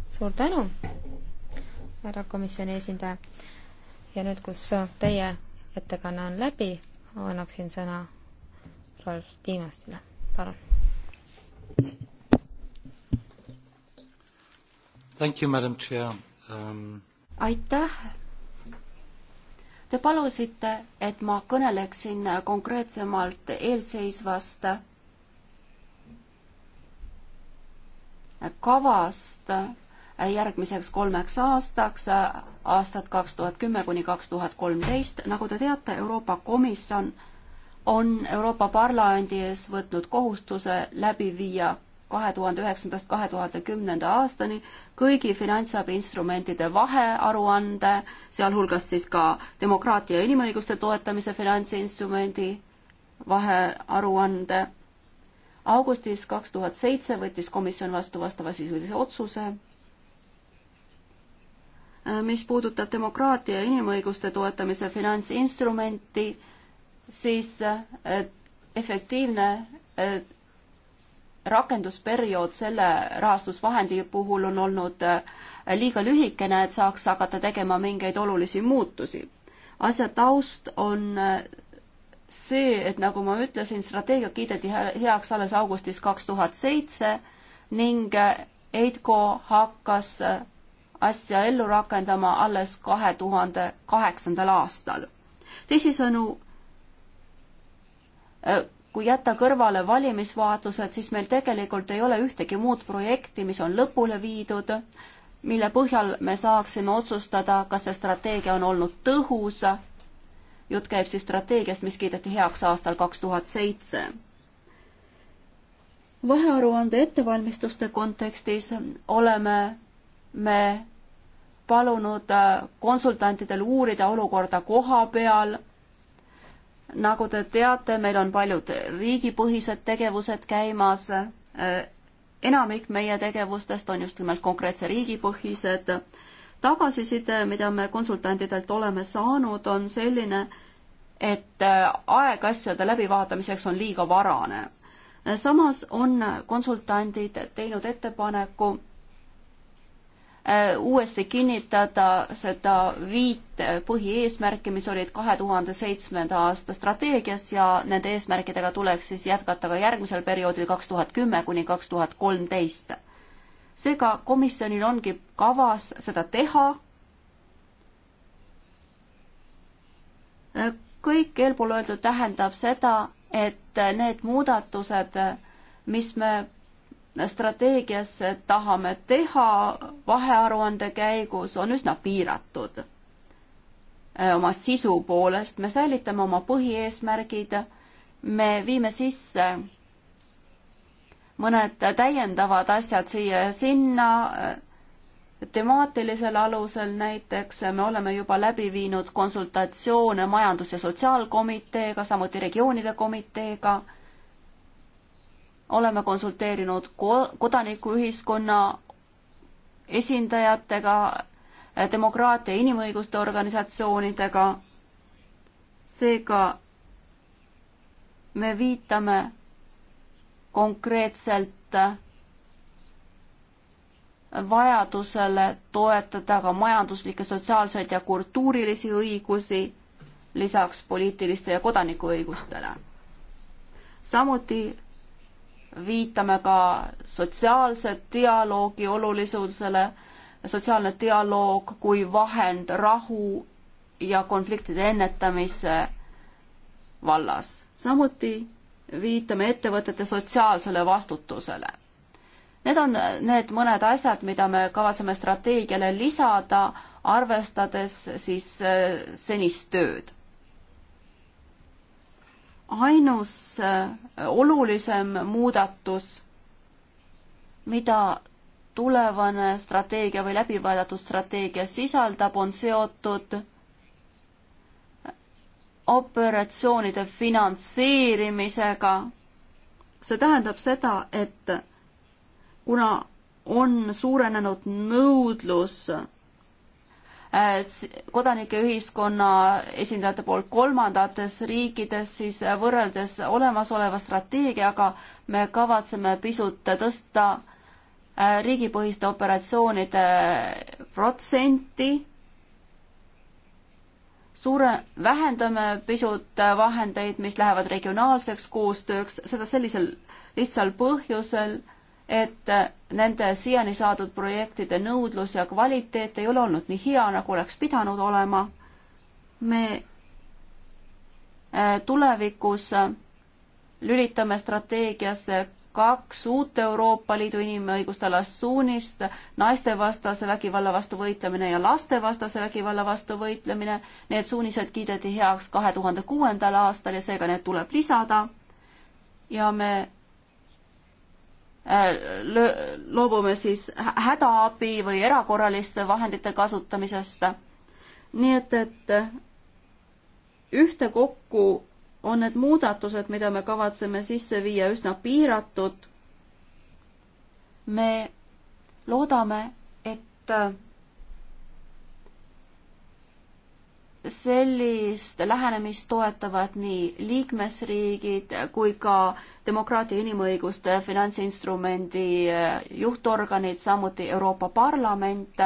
suur tänu, härra komisjoni esindaja. ja nüüd, kus teie ettekanne on läbi, annaksin sõna Rolf Tiimastile, palun. Thank you, madam chair um aitäh. Te palusite, et ma kõneleksin konkreetsemalt eelseisvast kavast järgmiseks kolmeks aastaks, aastad kaks tuhat kümme kuni kaks tuhat kolmteist. nagu te teate, Euroopa Komisjon on Euroopa Parlamendi ees võtnud kohustuse läbi viia kahe tuhande üheksandast kahe tuhande kümnenda aastani kõigi finantsabiinstrumentide vahearuande, sealhulgas siis ka demokraatia ja inimõiguste toetamise finantsinstrumendi vahearuande. augustis kaks tuhat seitse võttis komisjon vastu vastavasisulise otsuse, mis puudutab demokraatia ja inimõiguste toetamise finantsinstrumenti, siis eh, efektiivne eh, rakendusperiood selle rahastusvahendi puhul on olnud äh, liiga lühikene, et saaks hakata tegema mingeid olulisi muutusi. asja taust on äh, see, et nagu ma ütlesin, strateegia kiideti heaks alles augustis kaks tuhat seitse ning äh, EIDCO hakkas asja ellu rakendama alles kahe tuhande kaheksandal aastal. teisisõnu, kui jätta kõrvale valimisvaatlused, siis meil tegelikult ei ole ühtegi muud projekti, mis on lõpule viidud, mille põhjal me saaksime otsustada, kas see strateegia on olnud tõhus. jutt käib siis strateegiast, mis kiideti heaks aastal kaks tuhat seitse. vahearuande ettevalmistuste kontekstis oleme me palunud konsultantidel uurida olukorda koha peal nagu te teate, meil on paljud riigipõhised tegevused käimas. Äh, enamik meie tegevustest on just nimelt konkreetse riigipõhised. tagasiside, mida me konsultantidelt oleme saanud, on selline, et äh, aeg asjade läbivaatamiseks on liiga varane. samas on konsultandid teinud ettepaneku Äh, uuesti kinnitada seda viit põhieesmärki, mis olid kahe tuhande seitsmenda aasta strateegias ja nende eesmärkidega tuleks siis jätkata ka järgmisel perioodil kaks tuhat kümme kuni kaks tuhat kolmteist. seega komisjonil ongi kavas seda teha. Äh, kõik eelpool öeldud tähendab seda, et need muudatused, mis me strateegias tahame teha vahearuande käigus, on üsna piiratud. oma sisu poolest me säilitame oma põhieesmärgid, me viime sisse mõned täiendavad asjad siia ja sinna, temaatilisel alusel näiteks me oleme juba läbi viinud konsultatsioone Majandus- ja Sotsiaalkomiteega, samuti regioonide komiteega oleme konsulteerinud ko-, kodanikuühiskonna esindajatega, demokraatia ja inimõiguste organisatsioonidega, seega me viitame konkreetselt vajadusele toetada ka majanduslikke, sotsiaalseid ja kultuurilisi õigusi lisaks poliitiliste ja kodanikuõigustele. samuti viitame ka sotsiaalse dialoogi olulisusele, sotsiaalne dialoog kui vahend rahu ja konfliktide ennetamise vallas. samuti viitame ettevõtete sotsiaalsele vastutusele. Need on need mõned asjad, mida me kavatseme strateegiale lisada, arvestades siis eh, senist tööd ainus äh, olulisem muudatus, mida tulevane strateegia või läbivaadatud strateegia sisaldab, on seotud operatsioonide finantseerimisega. see tähendab seda, et kuna on suurenenud nõudlus Äh, kodanike ühiskonna esindajate poolt kolmandates riikides, siis võrreldes olemasoleva strateegiaga me kavatseme pisut tõsta äh, riigipõhiste operatsioonide protsenti suure, vähendame pisut vahendeid, mis lähevad regionaalseks koostööks, seda sellisel lihtsal põhjusel, et äh, nende siiani saadud projektide nõudlus ja kvaliteet ei ole olnud nii hea, nagu oleks pidanud olema. me äh, tulevikus äh, lülitame strateegiasse kaks uut Euroopa Liidu inimõiguste alast suunist, naistevastase vägivalla vastu võitlemine ja lastevastase vägivalla vastu võitlemine. Need suunised kiideti heaks kahe tuhande kuuendal aastal ja seega need tuleb lisada. ja me Äh, loobume siis hädaabi või erakorraliste vahendite kasutamisest. nii et, et äh, ühtekokku on need muudatused, mida me kavatseme sisse viia, üsna piiratud. me loodame, et äh, sellist lähenemist toetavad nii liikmesriigid kui ka demokraatia inimõiguste finantsinstrumendi eh, juhtorganid, samuti Euroopa Parlament.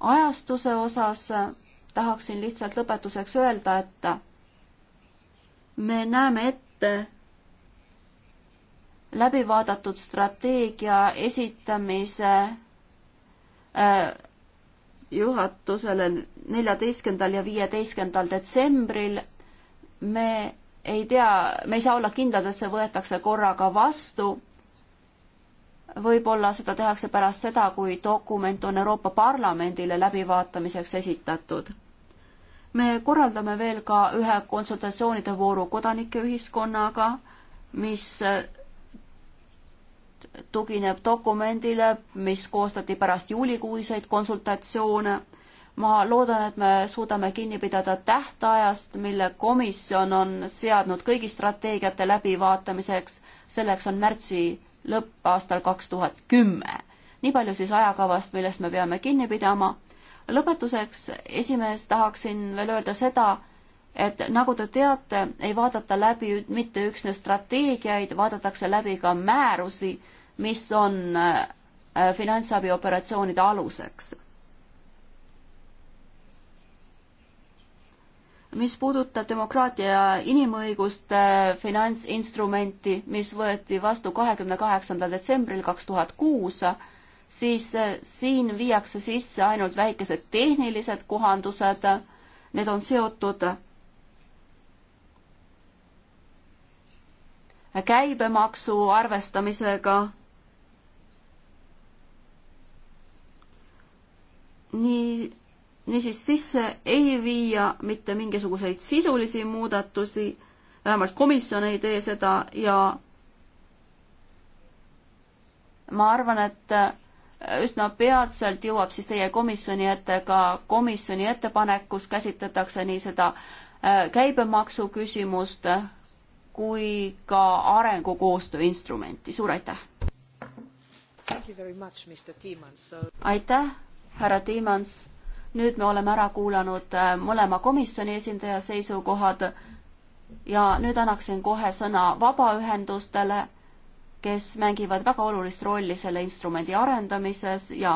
ajastuse osas tahaksin lihtsalt lõpetuseks öelda, et me näeme ette läbivaadatud strateegia esitamise äh, juhatusele neljateistkümnendal ja viieteistkümnendal detsembril. me ei tea, me ei saa olla kindlad, et see võetakse korraga vastu. võib-olla seda tehakse pärast seda, kui dokument on Euroopa Parlamendile läbivaatamiseks esitatud. me korraldame veel ka ühe konsultatsioonide vooru kodanike ühiskonnaga, mis tugineb dokumendile, mis koostati pärast juulikuiseid konsultatsioone. ma loodan, et me suudame kinni pidada tähtajast, mille komisjon on seadnud kõigi strateegiate läbivaatamiseks. selleks on märtsi lõpp aastal kaks tuhat kümme. nii palju siis ajakavast, millest me peame kinni pidama. lõpetuseks, esimees, tahaksin veel öelda seda, et nagu te teate, ei vaadata läbi mitte üksnes strateegiaid, vaadatakse läbi ka määrusi, mis on äh, finantsabioperatsioonide aluseks. mis puudutab demokraatia ja inimõiguste finantsinstrumenti, mis võeti vastu kahekümne kaheksandal detsembril kaks tuhat kuus, siis äh, siin viiakse sisse ainult väikesed tehnilised kohandused, need on seotud käibemaksu arvestamisega nii, niisiis sisse ei viia mitte mingisuguseid sisulisi muudatusi, vähemalt komisjon ei tee seda ja ma arvan, et äh, üsna peatselt jõuab siis teie komisjoni ette ka komisjoni ettepanek, kus käsitletakse nii seda äh, käibemaksu küsimust kui ka arengukoostöö instrumenti, suur aitäh! aitäh, härra Tiimans! nüüd me oleme ära kuulanud äh, mõlema komisjoni esindaja seisukohad ja nüüd annaksin kohe sõna vabaühendustele, kes mängivad väga olulist rolli selle instrumendi arendamises ja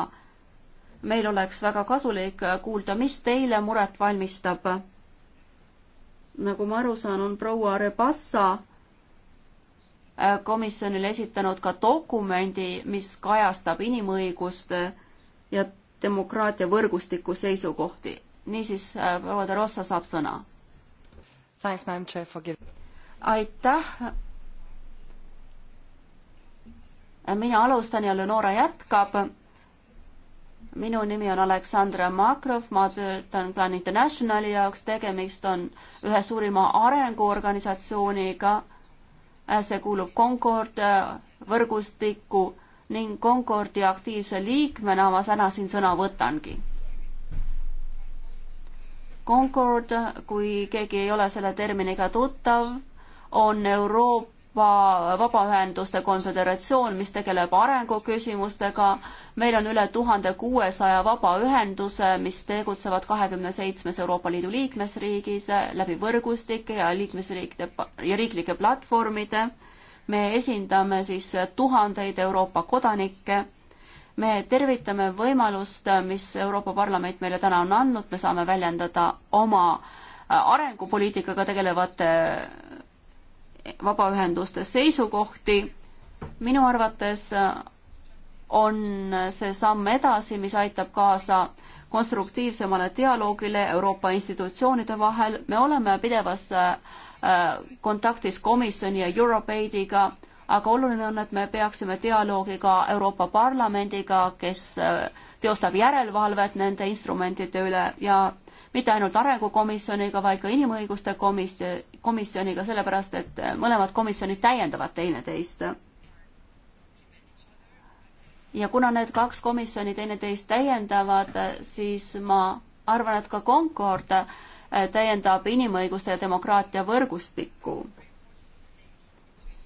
meil oleks väga kasulik äh, kuulda, mis teile muret valmistab nagu ma aru saan, on proua Rebassa äh, komisjonile esitanud ka dokumendi, mis kajastab inimõiguste ja demokraatia võrgustiku seisukohti. niisiis, äh, proua De Rossa saab sõna. aitäh. mina alustan ja Leonora jätkab minu nimi on Aleksandra Makrov, ma töötan Plan Internationali jaoks, tegemist on ühe suurima arenguorganisatsiooniga. see kuulub Concord äh, võrgustikku ning Concordi aktiivse liikmena ma täna siin sõna võtangi. Concord, kui keegi ei ole selle terminiga tuttav, on Euroopa Euroopa Vabaühenduste Konföderatsioon, mis tegeleb arenguküsimustega. meil on üle tuhande kuuesaja vabaühenduse, mis tegutsevad kahekümne seitsmes Euroopa Liidu liikmesriigis läbi võrgustike ja liikmesriikide ja riiklike platvormide. me esindame siis tuhandeid Euroopa kodanikke me tervitame võimalust, mis Euroopa Parlament meile täna on andnud, me saame väljendada oma arengupoliitikaga tegelevate vabaühenduste seisukohti. minu arvates on see samm edasi, mis aitab kaasa konstruktiivsemale dialoogile Euroopa institutsioonide vahel. me oleme pidevas äh, kontaktis komisjoni ja Europeidiga, aga oluline on, et me peaksime dialoogi ka Euroopa Parlamendiga, kes äh, teostab järelevalvet nende instrumentide üle ja mitte ainult Arengukomisjoniga, vaid ka Inimõiguste komis-, komisjoniga, sellepärast et mõlemad komisjonid täiendavad teineteist. ja kuna need kaks komisjoni teineteist täiendavad, siis ma arvan, et ka Concord täiendab inimõiguste ja demokraatia võrgustikku.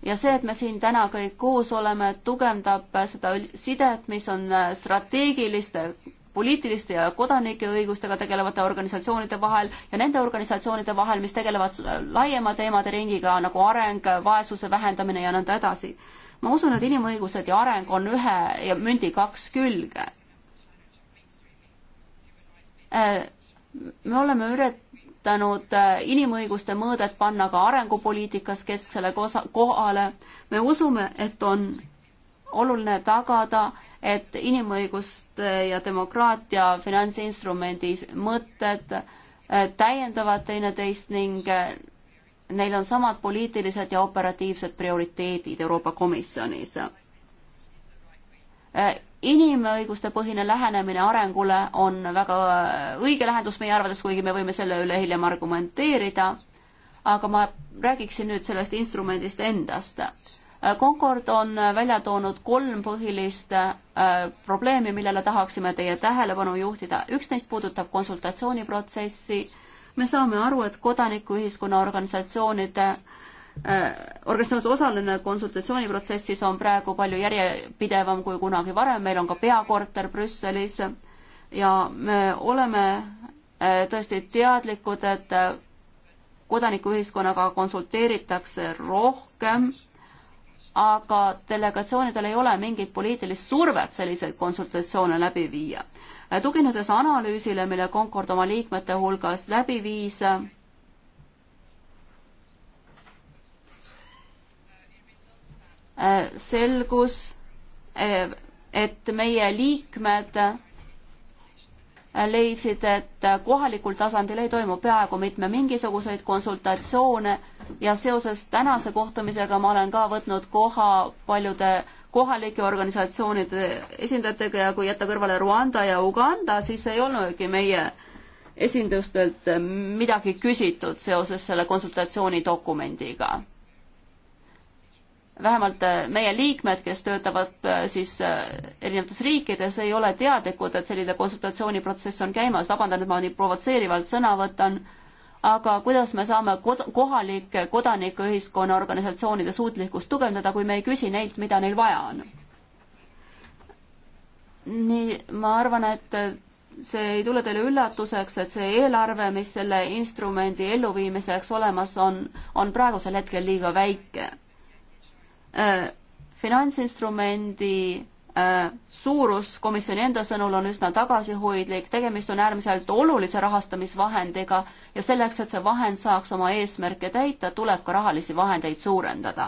ja see, et me siin täna kõik koos oleme, tugevdab seda sidet, mis on strateegiliste poliitiliste ja kodanike õigustega tegelevate organisatsioonide vahel ja nende organisatsioonide vahel, mis tegelevad laiema teemade ringiga nagu areng, vaesuse vähendamine ja nõnda edasi. ma usun, et inimõigused ja areng on ühe ja mündi kaks külge. me oleme üritanud inimõiguste mõõdet panna ka arengupoliitikas kesksele kohale. me usume, et on oluline tagada, et inimõiguste ja demokraatia finantsinstrumendis mõtted äh, täiendavad teineteist ning äh, neil on samad poliitilised ja operatiivsed prioriteedid Euroopa Komisjonis. Äh, inimõiguste põhine lähenemine arengule on väga õige lahendus meie arvates, kuigi me võime selle üle hiljem argumenteerida, aga ma räägiksin nüüd sellest instrumendist endast Concord on välja toonud kolm põhilist äh, probleemi, millele tahaksime teie tähelepanu juhtida. üks neist puudutab konsultatsiooniprotsessi. me saame aru, et kodanikuühiskonna organisatsioonide äh, organisatsioonide osaline konsultatsiooniprotsessis on praegu palju järjepidevam kui kunagi varem, meil on ka peakorter Brüsselis ja me oleme äh, tõesti teadlikud, et kodanikuühiskonnaga konsulteeritakse rohkem aga delegatsioonidel ei ole mingit poliitilist survet selliseid konsultatsioone läbi viia. tuginedes analüüsile, mille Concord oma liikmete hulgas läbi viis, selgus, et meie liikmed leidsid, et kohalikul tasandil ei toimu peaaegu mitme mingisuguseid konsultatsioone ja seoses tänase kohtumisega ma olen ka võtnud koha paljude kohalike organisatsioonide esindajatega ja kui jätta kõrvale Rwanda ja Uganda, siis ei olnudki meie esindustelt midagi küsitud seoses selle konsultatsioonidokumendiga vähemalt äh, meie liikmed, kes töötavad äh, siis äh, erinevates riikides, ei ole teadlikud, et selline konsultatsiooniprotsess on käimas, vabandan, et ma nii provotseerivalt sõna võtan, aga kuidas me saame kod-, kohalike kodanikuühiskonna organisatsioonide suutlikkust tugevdada, kui me ei küsi neilt, mida neil vaja on? nii, ma arvan, et see ei tule teile üllatuseks, et see eelarve, mis selle instrumendi elluviimiseks olemas on, on praegusel hetkel liiga väike Äh, finantsinstrumendi äh, suurus komisjoni enda sõnul on üsna tagasihoidlik, tegemist on äärmiselt olulise rahastamisvahendiga ja selleks, et see vahend saaks oma eesmärke täita, tuleb ka rahalisi vahendeid suurendada.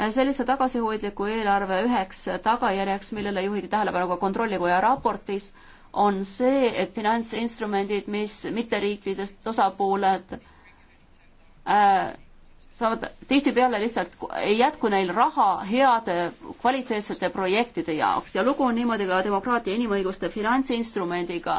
Äh, sellise tagasihoidliku eelarve üheks tagajärjeks, millele juhiti tähelepanu ka Kontrollikoja raportis, on see, et finantsinstrumendid, mis mitteriiklidest osapooled äh, saavad, tihtipeale lihtsalt ei jätku neil raha heade kvaliteetsete projektide jaoks ja lugu on niimoodi ka demokraatia inimõiguste finantsinstrumendiga.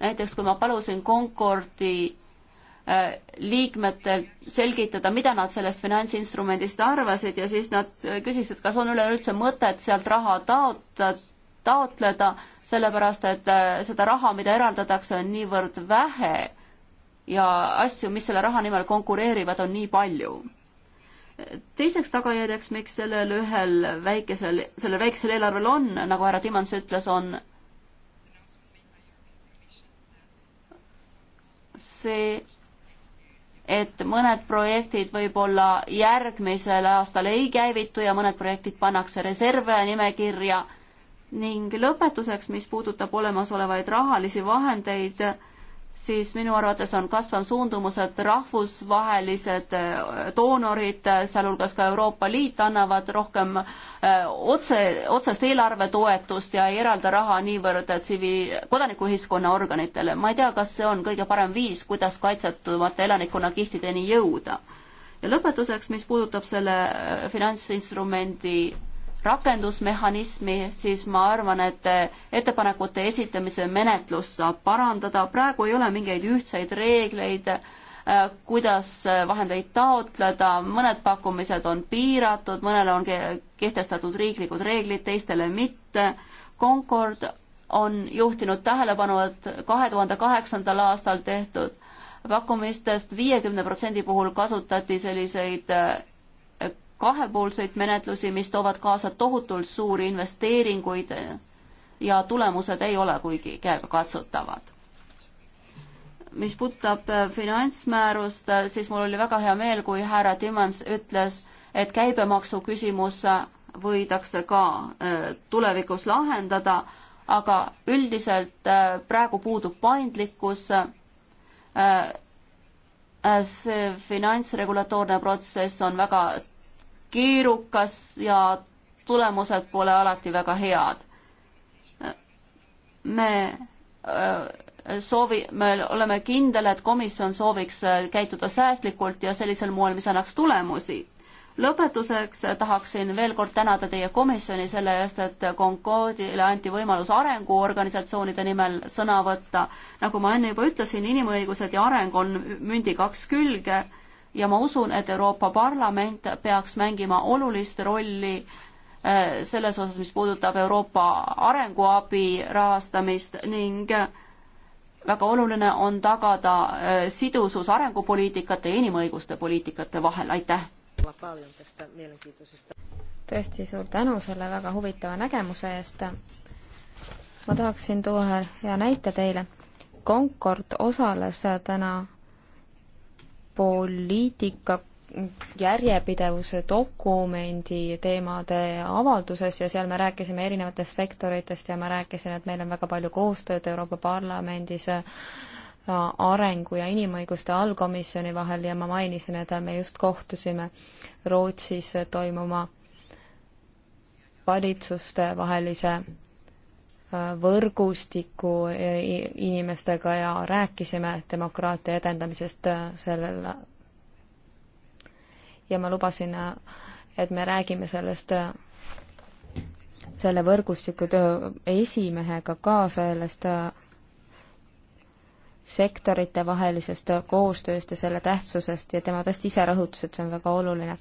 näiteks kui ma palusin Concordi äh, liikmetel selgitada, mida nad sellest finantsinstrumendist arvasid ja siis nad äh, küsisid, kas on üleüldse mõtet sealt raha taotleda, taotleda, sellepärast et äh, seda raha, mida eraldatakse, on niivõrd vähe ja asju, mis selle raha nimel konkureerivad, on nii palju teiseks tagajärjeks, miks sellel ühel väikesel, sellel väikesel eelarvel on, nagu härra Timans ütles, on see, et mõned projektid võib-olla järgmisel aastal ei käivitu ja mõned projektid pannakse reserve nimekirja ning lõpetuseks, mis puudutab olemasolevaid rahalisi vahendeid, siis minu arvates on kasvav suundumus, et rahvusvahelised äh, doonorid, äh, sealhulgas ka Euroopa Liit, annavad rohkem äh, otse, otsest eelarvetoetust ja ei eralda raha niivõrd tsivi-, kodanikuühiskonna organitele. ma ei tea, kas see on kõige parem viis, kuidas kaitsetumate elanikkonnakihtideni jõuda. ja lõpetuseks, mis puudutab selle finantsinstrumendi rakendusmehhanismi, siis ma arvan, et eh, ettepanekute esitamise menetlust saab parandada, praegu ei ole mingeid ühtseid reegleid, eh, kuidas eh, vahendeid taotleda, mõned pakkumised on piiratud, mõnele on kehtestatud riiklikud reeglid, teistele mitte. Concord on juhtinud tähelepanu, et kahe tuhande kaheksandal aastal tehtud pakkumistest viiekümne protsendi puhul kasutati selliseid kahepoolseid menetlusi, mis toovad kaasa tohutult suuri investeeringuid ja tulemused ei ole kuigi käegakatsutavad. mis puudutab äh, finantsmäärust, äh, siis mul oli väga hea meel, kui härra Timmans ütles, et käibemaksu küsimus äh, võidakse ka tulevikus lahendada, aga üldiselt praegu puudub paindlikkus see finantsregulatoorne protsess on väga keerukas ja tulemused pole alati väga head. me äh, soovi, me oleme kindel, et komisjon sooviks äh, käituda säästlikult ja sellisel moel, mis annaks tulemusi. lõpetuseks tahaksin veel kord tänada teie komisjoni selle eest, et Concordile anti võimalus arenguorganisatsioonide nimel sõna võtta. nagu ma enne juba ütlesin, inimõigused ja areng on mündi kaks külge ja ma usun, et Euroopa Parlament peaks mängima olulist rolli äh, selles osas, mis puudutab Euroopa arenguabi rahastamist ning äh, väga oluline on tagada äh, sidusus arengupoliitikate ja inimõiguste poliitikate vahel, aitäh! tõesti suur tänu selle väga huvitava nägemuse eest. ma tahaksin tuua hea näite teile. Concord osales täna poliitika järjepidevuse dokumendi teemade avalduses ja seal me rääkisime erinevatest sektoritest ja ma rääkisin, et meil on väga palju koostööd Euroopa Parlamendis äh, arengu ja inimõiguste allkomisjoni vahel ja ma mainisin, et me just kohtusime Rootsis toimuma valitsustevahelise Äh, võrgustiku e, inimestega ja rääkisime demokraatia edendamisest äh, sellel. ja ma lubasin, äh, et me räägime sellest, selle võrgustiku töö esimehega ka sellest sektoritevahelisest koostööst ja selle tähtsusest ja tema tõesti ise rõhutas, et see on väga oluline.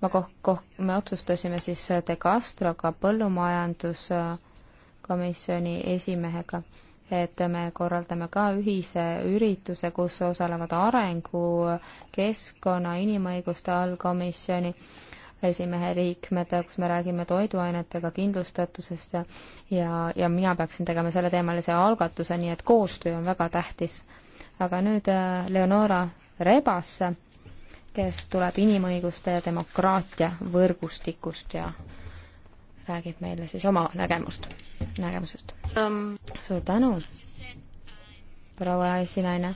ma koh-, koh-, me otsustasime siis De Castroga põllumajandus äh, komisjoni esimehega, et me korraldame ka ühise ürituse, kus osalevad arengu, keskkonna, inimõiguste allkomisjoni esimehe liikmed, kus me räägime toiduainetega kindlustatusest ja, ja, ja mina peaksin tegema selleteemalise algatuse, nii et koostöö on väga tähtis. aga nüüd äh, Leonora Rebasse, kes tuleb inimõiguste ja demokraatia võrgustikust ja räägib meile siis oma nägemust, nägemusest um.. suur tänu, proua esinaine.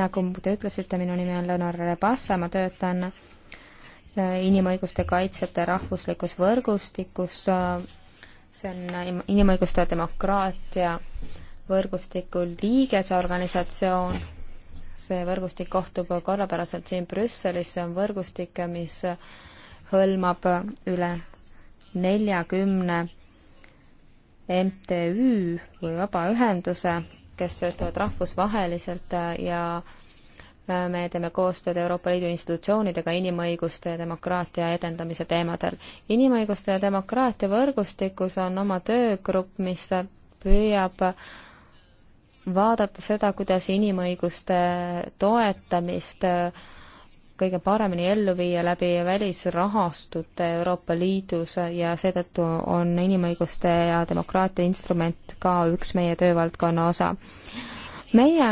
nagu te ütlesite, minu nimi on Leonor Rebassa, ma töötan äh, inimõiguste kaitsjate rahvuslikus võrgustikus, äh, see on äh, inimõiguste demokraatia võrgustiku liige, see organisatsioon, see võrgustik kohtub korrapäraselt siin Brüsselis, see on võrgustik, mis hõlmab üle neljakümne MTÜ või vabaühenduse, kes töötavad rahvusvaheliselt äh, ja äh, me teeme koostööd Euroopa Liidu institutsioonidega inimõiguste ja demokraatia edendamise teemadel. inimõiguste ja demokraatia võrgustikus on oma töögrupp, mis püüab vaadata seda, kuidas inimõiguste toetamist äh, kõige paremini ellu viia läbi välisrahastute Euroopa Liidus ja seetõttu on inimõiguste ja demokraatia instrument ka üks meie töövaldkonna osa. meie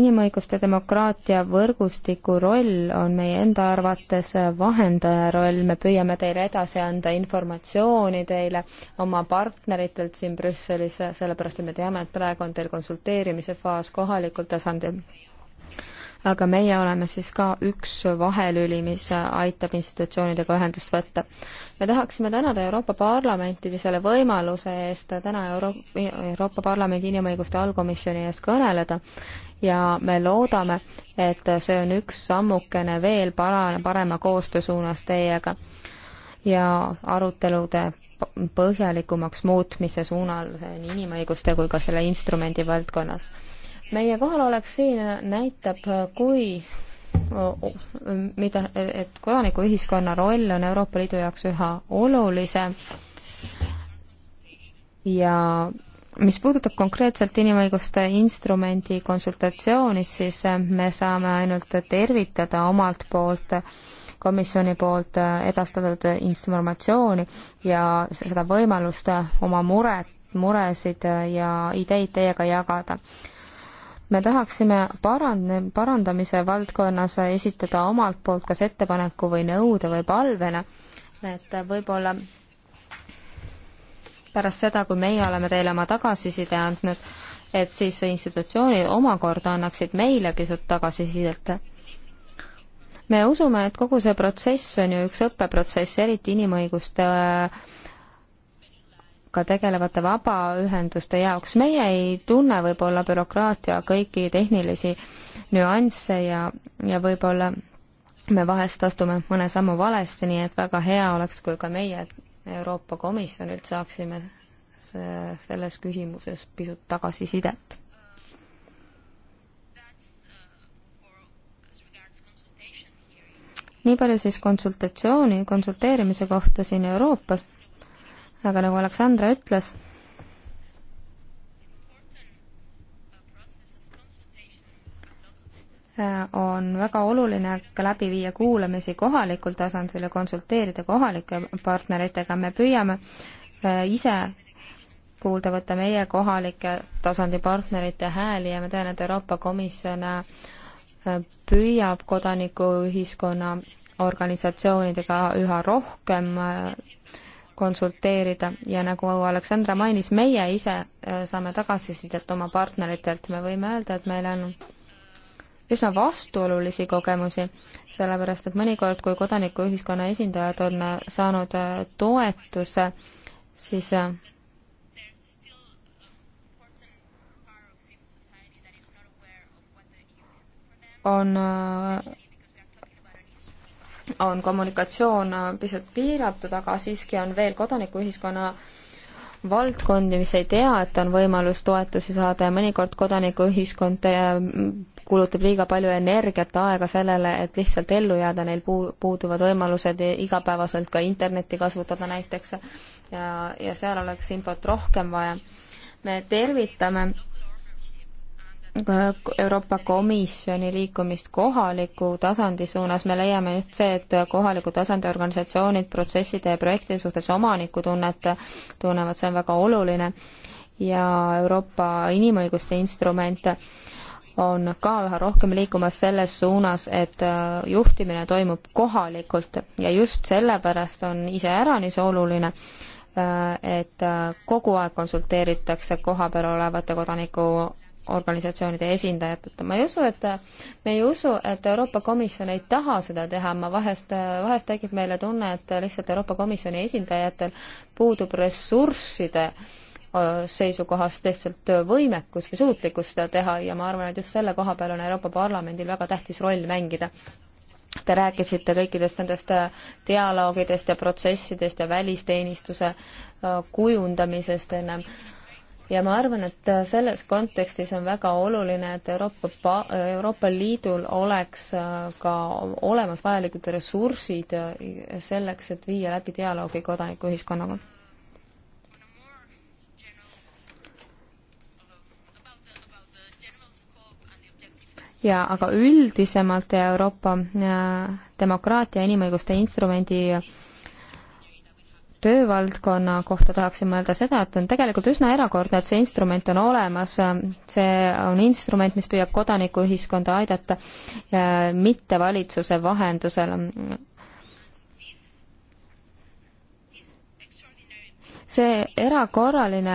inimõiguste demokraatia võrgustiku roll on meie enda arvates vahendaja roll, me püüame teile edasi anda informatsiooni teile oma partneritelt siin Brüsselis, sellepärast et me teame, et praegu on teil konsulteerimise faas kohalikul tasandil aga meie oleme siis ka üks vahelüli, mis aitab institutsioonidega ühendust võtta. me tahaksime tänada Euroopa Parlamenti selle võimaluse eest täna Euro-, Euroopa Parlamendi inimõiguste allkomisjoni ees kõneleda ja me loodame, et see on üks sammukene veel para-, parema koostöö suunas teiega ja arutelude põhjalikumaks muutmise suunal nii inimõiguste kui ka selle instrumendi valdkonnas meie kohalolek siin näitab, kui mida, et kodanikuühiskonna roll on Euroopa Liidu jaoks üha olulisem ja mis puudutab konkreetselt inimõiguste instrumendi konsultatsiooni, siis me saame ainult tervitada omalt poolt komisjoni poolt edastatud informatsiooni ja seda võimalust oma muret, muresid ja ideid teiega jagada me tahaksime parand-, parandamise valdkonnas esitada omalt poolt kas ettepaneku või nõude või palvena, et võib-olla pärast seda, kui meie oleme teile oma tagasiside andnud, et siis institutsioonid omakorda annaksid meile pisut tagasisidet. me usume, et kogu see protsess on ju üks õppeprotsess, eriti inimõiguste äh, temaga tegelevate vabaühenduste jaoks. meie ei tunne võib-olla bürokraatia kõiki tehnilisi nüansse ja, ja võib-olla me vahest astume mõne sammu valesti, nii et väga hea oleks, kui ka meie Euroopa Komisjonilt saaksime see, selles küsimuses pisut tagasisidet. nii palju siis konsultatsiooni, konsulteerimise kohta siin Euroopas aga nagu Aleksandra ütles, äh, on väga oluline ka läbi viia kuulamisi kohalikul tasandil ja konsulteerida kohalike partneritega, me püüame äh, ise kuulda võtta meie kohalike tasandi partnerite hääli ja ma tean, et Euroopa Komisjon äh, püüab kodanikuühiskonna organisatsioonidega üha rohkem konsulteerida ja nagu Aleksandra mainis, meie ise äh, saame tagasisidet oma partneritelt, me võime öelda, et meil on üsna vastuolulisi kogemusi, sellepärast et mõnikord, kui kodanikuühiskonna esindajad on äh, saanud äh, toetuse, siis on on kommunikatsioon äh, pisut piiratud, aga siiski on veel kodanikuühiskonna valdkondi, mis ei tea, et on võimalus toetusi saada ja mõnikord kodanikuühiskond äh, kulutab liiga palju energiat, aega sellele, et lihtsalt ellu jääda, neil puu-, puuduvad võimalused igapäevaselt ka internetti kasutada näiteks ja, ja seal oleks infot rohkem vaja. me tervitame Euroopa Komisjoni liikumist kohaliku tasandi suunas, me leiame just see, et kohaliku tasandi organisatsioonid protsesside ja projektide suhtes omanikutunnet tunnevad, see on väga oluline, ja Euroopa inimõiguste instrument on ka üha rohkem liikumas selles suunas, et juhtimine toimub kohalikult ja just sellepärast on iseäranis oluline, et kogu aeg konsulteeritakse kohapeal olevate kodaniku organisatsioonide esindajateta. ma ei usu, et, me ei usu, et Euroopa Komisjon ei taha seda teha, ma vahest, vahest tekib meile tunne, et lihtsalt Euroopa Komisjoni esindajatel puudub ressursside seisukohast lihtsalt võimekus või suutlikkus seda teha ja ma arvan, et just selle koha peal on Euroopa Parlamendil väga tähtis roll mängida. Te rääkisite kõikidest nendest dialoogidest ja protsessidest ja välisteenistuse kujundamisest ennem ja ma arvan, et äh, selles kontekstis on väga oluline, et Euroopa pa-, Euroopa Liidul oleks äh, ka olemas vajalikud ressursid äh, selleks, et viia läbi dialoogi kodanikuühiskonnaga. ja aga üldisemalt Euroopa demokraatia ja inimõiguste instrumendi töövaldkonna kohta tahaksin ma öelda seda, et on tegelikult üsna erakordne, et see instrument on olemas, see on instrument, mis püüab kodanikuühiskonda aidata mittevalitsuse vahendusel. see erakorraline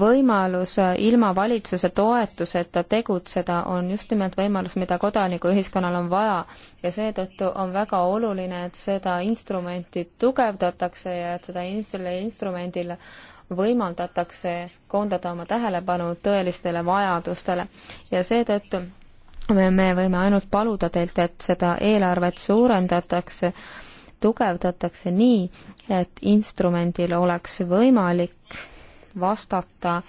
võimalus ilma valitsuse toetuseta tegutseda on just nimelt võimalus, mida kodanikuühiskonnal on vaja ja seetõttu on väga oluline, et seda instrumenti tugevdatakse ja et seda, selle instrumendil võimaldatakse koondada oma tähelepanu tõelistele vajadustele ja seetõttu me, me võime ainult paluda teilt, et seda eelarvet suurendatakse tugevdatakse nii, et instrumendil oleks võimalik vastata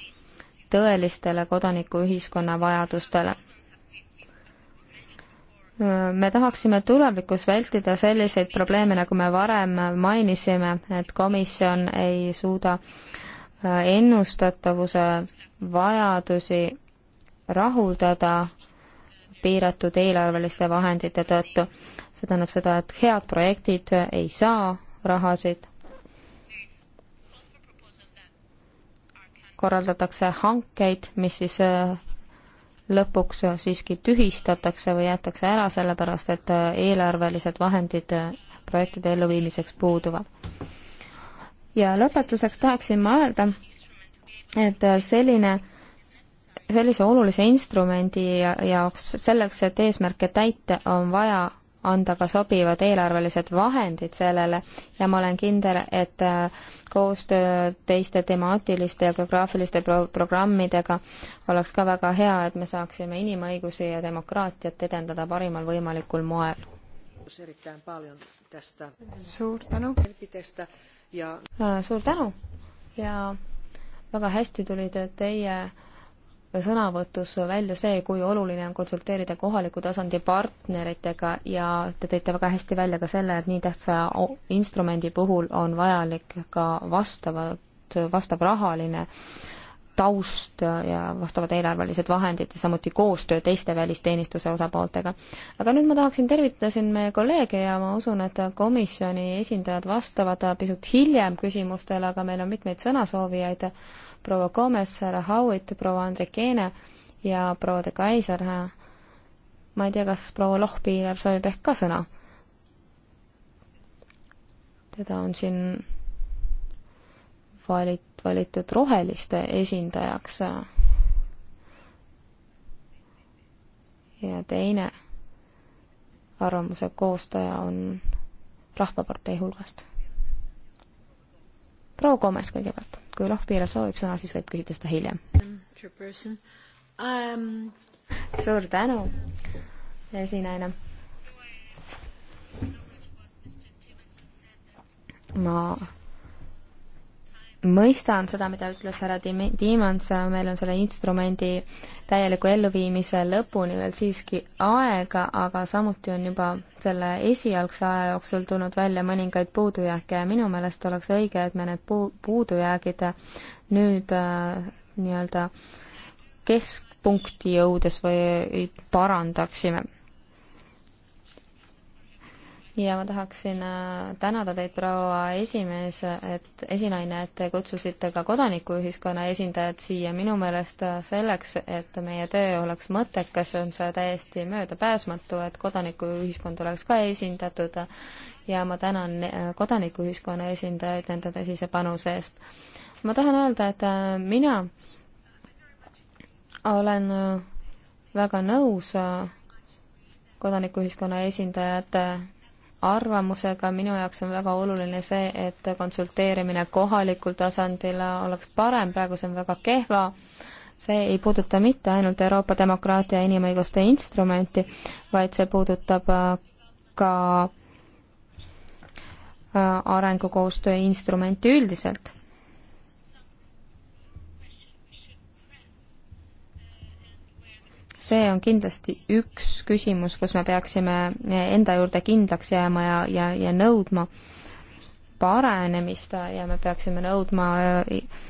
tõelistele kodanikuühiskonna vajadustele. me tahaksime tulevikus vältida selliseid probleeme, nagu me varem mainisime, et komisjon ei suuda äh, ennustatavuse vajadusi rahuldada piiratud eelarveliste vahendite tõttu. see tähendab seda, et head projektid ei saa rahasid korraldatakse hankeid, mis siis äh, lõpuks äh, siiski tühistatakse või jäetakse ära, sellepärast et äh, eelarvelised vahendid projektide elluviimiseks puuduvad. ja lõpetuseks tahaksin ma öelda, et selline, sellise olulise instrumendi jaoks, selleks, et eesmärke täita, on vaja anda ka sobivad eelarvelised vahendid sellele ja ma olen kindel, et äh, koostöö teiste temaatiliste ja geograafiliste pro-, programmidega oleks ka väga hea, et me saaksime inimõigusi ja demokraatiat edendada parimal võimalikul moel. suur tänu! Äh, suur tänu ja väga hästi tulid teie sõnavõtus välja see, kui oluline on konsulteerida kohaliku tasandi partneritega ja te tõite väga hästi välja ka selle, et nii tähtsa instrumendi puhul on vajalik ka vastavad, vastav rahaline taust ja vastavad eelarvelised vahendid ja samuti koostöö teiste välisteenistuse osapooltega. aga nüüd ma tahaksin tervitada siin meie kolleege ja ma usun, et komisjoni esindajad vastavad pisut hiljem küsimustele, aga meil on mitmeid sõnasoovijaid proua Gomes, härra Howitt, proua Andrikeene ja proua de Kaiser. ma ei tea, kas proua Lohpiiler soovib ehk ka sõna? teda on siin valit-, valitud roheliste esindajaks. ja teine arvamuse koostaja on Rahvapartei hulgast. proua Komes kõigepealt kui Lohpiiler soovib sõna, siis võib küsida seda hiljem. Um... suur tänu, esinaine. ma mõistan seda, mida ütles härra Tiimans, meil on selle instrumendi täieliku elluviimise lõpuni veel siiski aega, aga samuti on juba selle esialgse aja jooksul tulnud välja mõningaid puudujääke ja minu meelest oleks õige, et me need puu-, puudujäägid nüüd äh, nii-öelda keskpunkti jõudes või parandaksime ja ma tahaksin äh, tänada teid, proua esimees, et esinaine, et te kutsusite ka kodanikuühiskonna esindajad siia. minu meelest äh, selleks, et meie töö oleks mõttekas, on see täiesti möödapääsmatu, et kodanikuühiskond oleks ka esindatud ja ma tänan äh, kodanikuühiskonna esindajaid nende tõsise panuse eest. ma tahan öelda, et mina olen väga nõus kodanikuühiskonna esindajate arvamusega, minu jaoks on väga oluline see, et konsulteerimine kohalikul tasandil oleks parem, praegu see on väga kehva, see ei puuduta mitte ainult Euroopa demokraatia ja inimõiguste instrumenti, vaid see puudutab äh, ka äh, arengukoostöö instrumenti üldiselt see on kindlasti üks küsimus, kus me peaksime enda juurde kindlaks jääma ja, ja, ja nõudma paranemist ja me peaksime nõudma äh,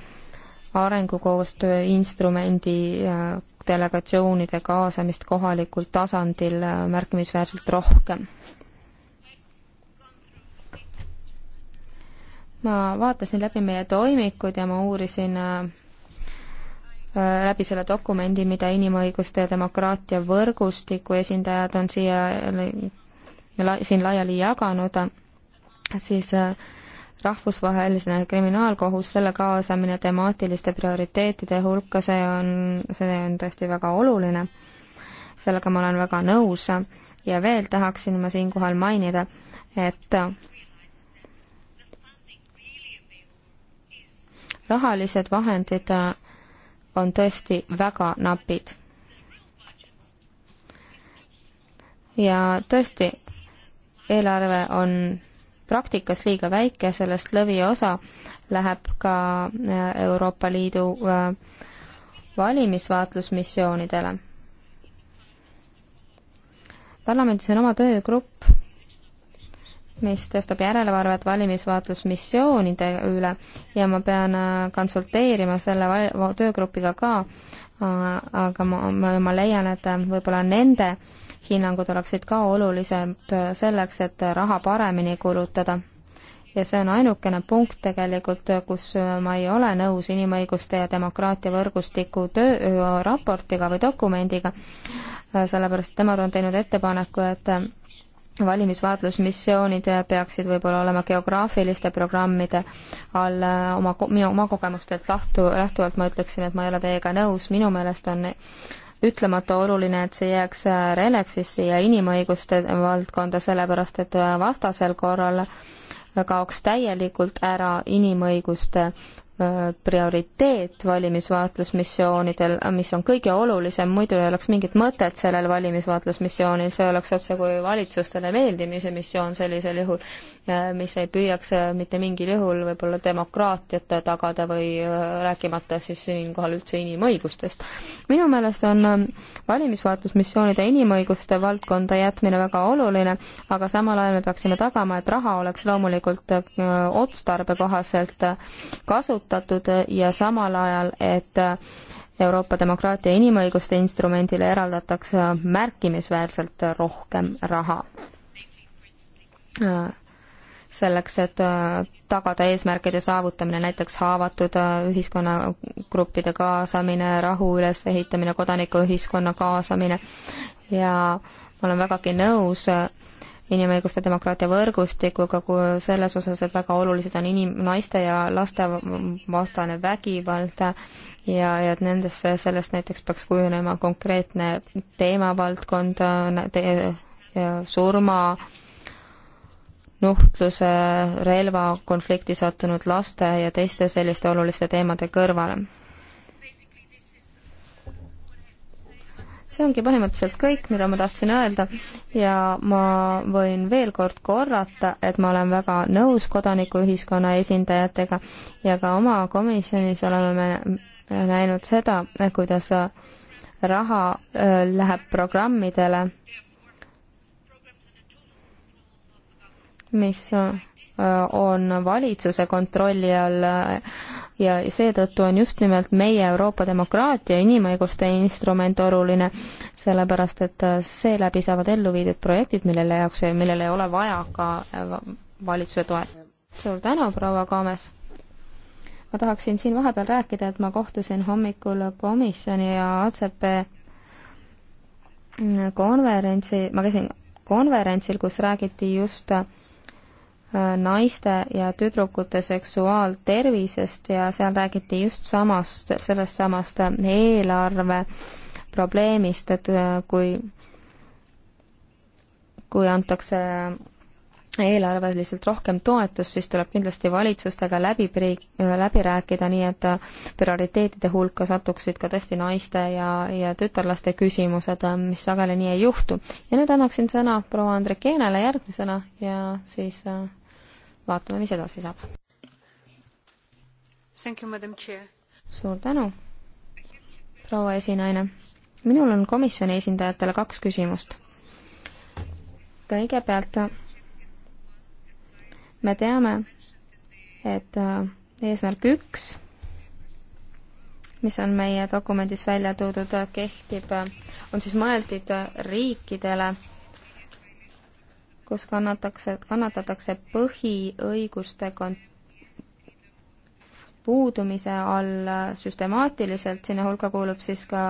arengukoostöö instrumendi äh, delegatsioonide kaasamist kohalikul tasandil äh, märkimisväärselt rohkem. ma vaatasin läbi meie toimikud ja ma uurisin läbi selle dokumendi, mida inimõiguste ja demokraatia võrgustiku esindajad on siia, siin laiali jaganud, siis äh, rahvusvaheline kriminaalkohus, selle kaasamine temaatiliste prioriteetide hulka, see on, see on tõesti väga oluline. sellega ma olen väga nõus ja veel tahaksin ma siinkohal mainida, et rahalised vahendid äh, on tõesti väga napid. ja tõesti, eelarve on praktikas liiga väike, sellest lõviosa läheb ka äh, Euroopa Liidu äh, valimisvaatlusmissioonidele. parlamendis on oma töögrupp, mis tõstab järelevalvet valimisvaatlusmissioonide üle ja ma pean äh, konsulteerima selle töögrupiga ka, äh, aga ma, ma, ma leian, et äh, võib-olla nende hinnangud oleksid ka olulised selleks, et raha paremini kulutada. ja see on ainukene punkt tegelikult, kus ma ei ole nõus inimõiguste ja demokraatia võrgustiku töö raportiga või dokumendiga, sellepärast et nemad on teinud ettepaneku, et valimisvaatlusmissioonid peaksid võib-olla olema geograafiliste programmide all oma, minu, oma kogemustelt lahtu, lähtuvalt ma ütleksin, et ma ei ole teiega nõus, minu meelest on ütlemata oluline, et see jääks Relexisse ja inimõiguste valdkonda, sellepärast et vastasel korral kaoks täielikult ära inimõiguste Äh, prioriteet valimisvaatlusmissioonidel, mis on kõige olulisem, muidu ei oleks mingit mõtet sellel valimisvaatlusmissioonil, see oleks otsekui valitsustele meeldimise missioon sellisel juhul, äh, mis ei püüaks äh, mitte mingil juhul võib-olla demokraatiat tagada või rääkimata siis siinkohal üldse inimõigustest. minu meelest on valimisvaatlusmissioonide inimõiguste valdkonda jätmine väga oluline, aga samal ajal me peaksime tagama, et raha oleks loomulikult otstarbekohaselt kasutatud, saavutatud ja samal ajal, et Euroopa demokraatia inimõiguste instrumendile eraldatakse märkimisväärselt rohkem raha. selleks, et tagada eesmärkide saavutamine, näiteks haavatud ühiskonnagruppide kaasamine, rahu ülesehitamine, kodanikuühiskonna kaasamine ja ma olen vägagi nõus inimõiguste demokraatia võrgustikuga selles osas, et väga olulised on inim-, naiste ja laste vastane vägivald ja, ja et nendesse, sellest näiteks peaks kujunema konkreetne teemavaldkond te,, surma, nuhtluse, relvakonflikti sattunud laste ja teiste selliste oluliste teemade kõrvale see ongi põhimõtteliselt kõik, mida ma tahtsin öelda ja ma võin veel kord korrata, et ma olen väga nõus kodanikuühiskonna esindajatega ja ka oma komisjonis oleme me näinud seda, kuidas raha äh, läheb programmidele, mis äh, on valitsuse kontrolli all äh, ja seetõttu on just nimelt meie Euroopa demokraatia inimõiguste instrument oluline, sellepärast et äh, seeläbi saavad ellu viidud projektid, millele jaoks, millel ei ole vaja ka äh, valitsuse toet. suur tänu, proua Kaames! ma tahaksin siin vahepeal rääkida, et ma kohtusin hommikul komisjoni ja ACP konverentsi, ma käisin konverentsil, kus räägiti just naiste ja tüdrukute seksuaaltervisest ja seal räägiti just samast, sellest samast eelarve probleemist, et äh, kui, kui antakse eelarveliselt rohkem toetust, siis tuleb kindlasti valitsustega läbi priik-, äh, läbi rääkida, nii et äh, prioriteetide hulka satuksid ka tõesti naiste ja, ja tütarlaste küsimused, mis sageli nii ei juhtu. ja nüüd annaksin sõna proua Andrikeenele järgmisena ja siis vaatame, mis edasi saab. suur tänu, proua esinaine. minul on komisjoni esindajatele kaks küsimust. kõigepealt me teame, et äh, eesmärk üks, mis on meie dokumendis välja toodud, äh, kehtib, äh, on siis mõeldud riikidele kus kannatakse, kannatatakse põhiõiguste kon-, puudumise all süstemaatiliselt, sinna hulka kuulub siis ka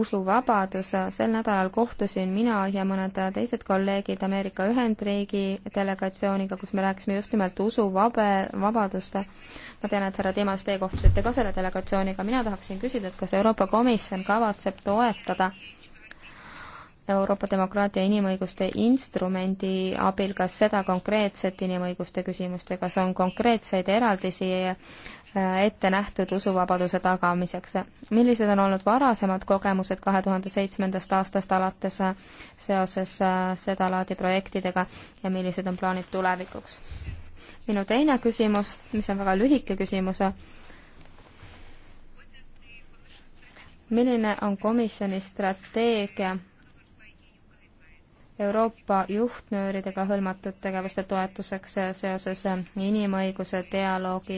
usuvabadus, sel nädalal kohtusin mina ja mõned teised kolleegid Ameerika Ühendriigi delegatsiooniga, kus me rääkisime just nimelt usuvabe, vabaduste. ma tean, et härra Timas, teie kohtusite ka selle delegatsiooniga, mina tahaksin küsida, et kas Euroopa Komisjon kavatseb toetada äh, Euroopa demokraatia inimõiguste instrumendi abil, kas seda konkreetset inimõiguste küsimust ja kas on konkreetseid eraldisi äh, ette nähtud usuvabaduse tagamiseks. millised on olnud varasemad kogemused kahe tuhande seitsmendast aastast alates äh, seoses äh, sedalaadi projektidega ja millised on plaanid tulevikuks? minu teine küsimus, mis on väga lühike küsimus, milline on komisjoni strateegia Euroopa juhtnööridega hõlmatud tegevuste toetuseks seoses inimõiguse dialoogi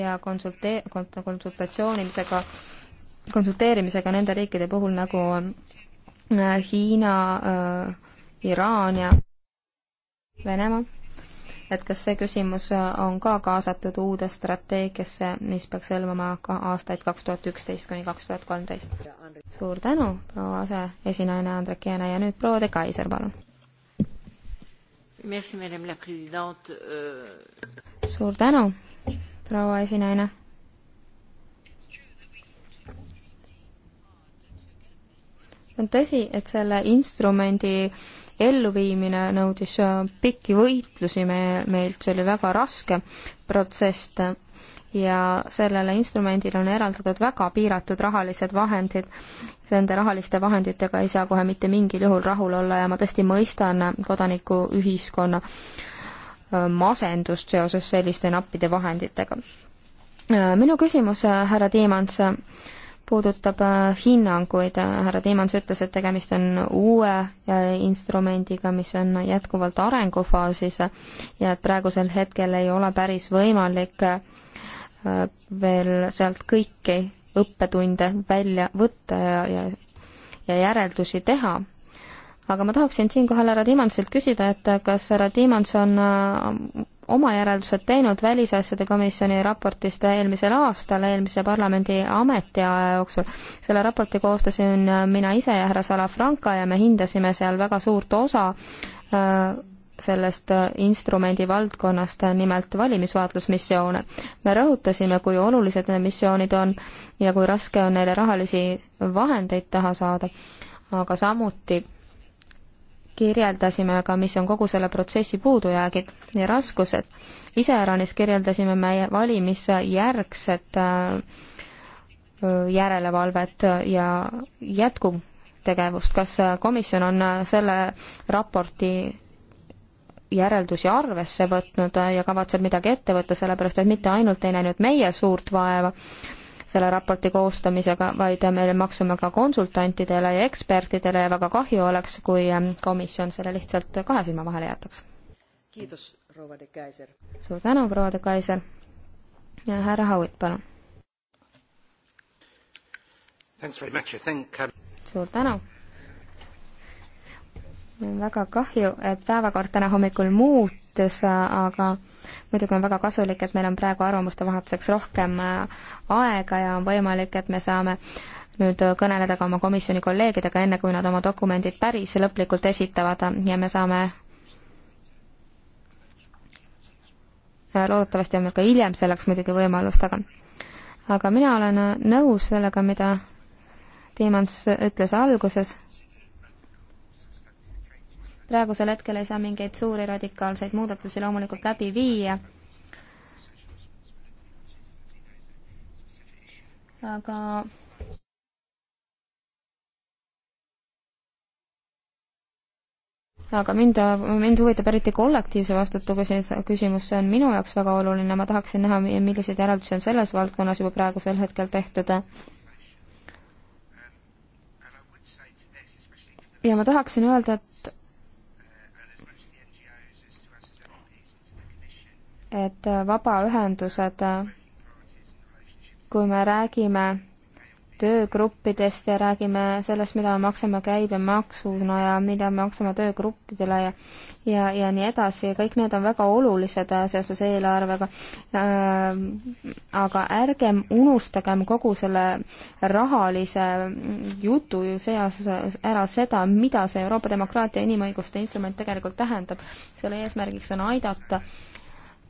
ja konsulte-, konsultatsioonimisega, konsulteerimisega nende riikide puhul, nagu äh, Hiina, äh, Iraan ja Venemaa et kas see küsimus äh, on ka kaasatud uude strateegiasse, mis peaks hõlmama ka aastaid kaks tuhat üksteist kuni kaks tuhat kolmteist. suur tänu, proua aseesinaine Andrek Jääne ja nüüd proua de Kaiser, palun. Euh, suur tänu, proua esinaine on tõsi, et selle instrumendi elluviimine nõudis äh, pikki võitlusi me, meilt, see oli väga raske protsess ja sellele instrumendile on eraldatud väga piiratud rahalised vahendid. Nende rahaliste vahenditega ei saa kohe mitte mingil juhul rahul olla ja ma tõesti mõistan kodanikuühiskonna äh, masendust seoses selliste nappide vahenditega. Äh, minu küsimus, härra Tiimants, puudutab äh, hinnanguid, härra Tiimans ütles, et tegemist on uue äh, instrumendiga, mis on jätkuvalt arengufaasis ja et praegusel hetkel ei ole päris võimalik äh, veel sealt kõiki õppetunde välja võtta ja, ja, ja järeldusi teha. aga ma tahaksin siinkohal härra Tiimansilt küsida, et kas härra Tiimans on oma järeldused teinud Välisasjade Komisjoni raportist eelmisel aastal, eelmise parlamendi ametiaja jooksul. selle raporti koostasin mina ise ja härra Salafranca ja me hindasime seal väga suurt osa äh, sellest äh, instrumendi valdkonnast, nimelt valimisvaatlusmissioone. me rõhutasime, kui olulised need missioonid on ja kui raske on neile rahalisi vahendeid taha saada, aga samuti kirjeldasime aga, mis on kogu selle protsessi puudujäägid ja raskused. iseäranis kirjeldasime meie valimisjärgset äh, järelevalvet ja jätkutegevust. kas komisjon on selle raporti järeldusi arvesse võtnud ja kavatseb midagi ette võtta, sellepärast et mitte ainult ei näinud meie suurt vaeva, selle raporti koostamisega, vaid me maksume ka konsultantidele ja ekspertidele ja väga kahju oleks, kui ähm, komisjon selle lihtsalt kahe silma vahele jätaks. suur tänu, proua de Kaiser. ja härra Howitt, palun. Um, suur tänu väga kahju, et päevakord täna hommikul muut-, mõttes, aga muidugi on väga kasulik, et meil on praegu arvamuste vahetuseks rohkem äh, aega ja on võimalik, et me saame nüüd kõneleda ka oma komisjoni kolleegidega, enne kui nad oma dokumendid päris lõplikult esitavad ja me saame loodetavasti on meil ka hiljem selleks muidugi võimalust, aga aga mina olen äh, nõus sellega, mida Tiimans ütles alguses praegusel hetkel ei saa mingeid suuri radikaalseid muudatusi loomulikult läbi viia, aga aga mind, mind huvitab eriti kollektiivse vastutuse küsimus, see on minu jaoks väga oluline, ma tahaksin näha, milliseid järeldusi on selles valdkonnas juba praegusel hetkel tehtud. ja ma tahaksin öelda, et et vabaühendused, kui me räägime töögruppidest ja räägime sellest, mida me maksame käibemaksuna ja mida me maksame töögruppidele ja ja, ja nii edasi ja kõik need on väga olulised seoses eelarvega äh,. aga ärgem unustagem kogu selle rahalise jutu ju seas ära seda, mida see Euroopa demokraatia ja inimõiguste instrument tegelikult tähendab. selle eesmärgiks on aidata äh,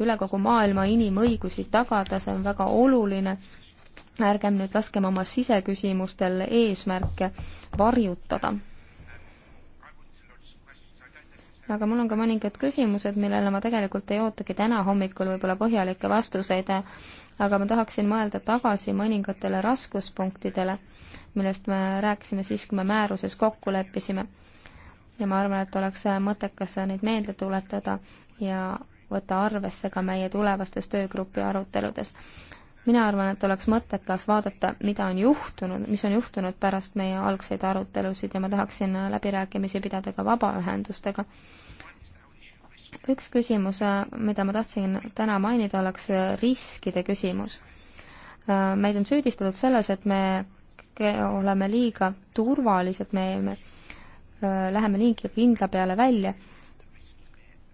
üle kogu maailma inimõigusi tagada, see on väga oluline. ärgem nüüd laskem oma siseküsimustel eesmärke varjutada. aga mul on ka mõningad küsimused, millele ma tegelikult ei ootagi täna hommikul võib-olla põhjalikke vastuseid, aga ma tahaksin mõelda tagasi mõningatele raskuspunktidele, millest me rääkisime siis, kui me määruses kokku leppisime ja ma arvan, et oleks mõttekas neid meelde tuletada ja võtta arvesse ka meie tulevastes töögrupi aruteludes. mina arvan, et oleks mõttekas vaadata, mida on juhtunud, mis on juhtunud pärast meie algseid arutelusid ja ma tahaksin läbirääkimisi pidada ka vabaühendustega. üks küsimus, mida ma tahtsin täna mainida, oleks riskide küsimus. meid on süüdistatud selles, et me oleme liiga turvalised, me, me läheme liiga kindla peale välja,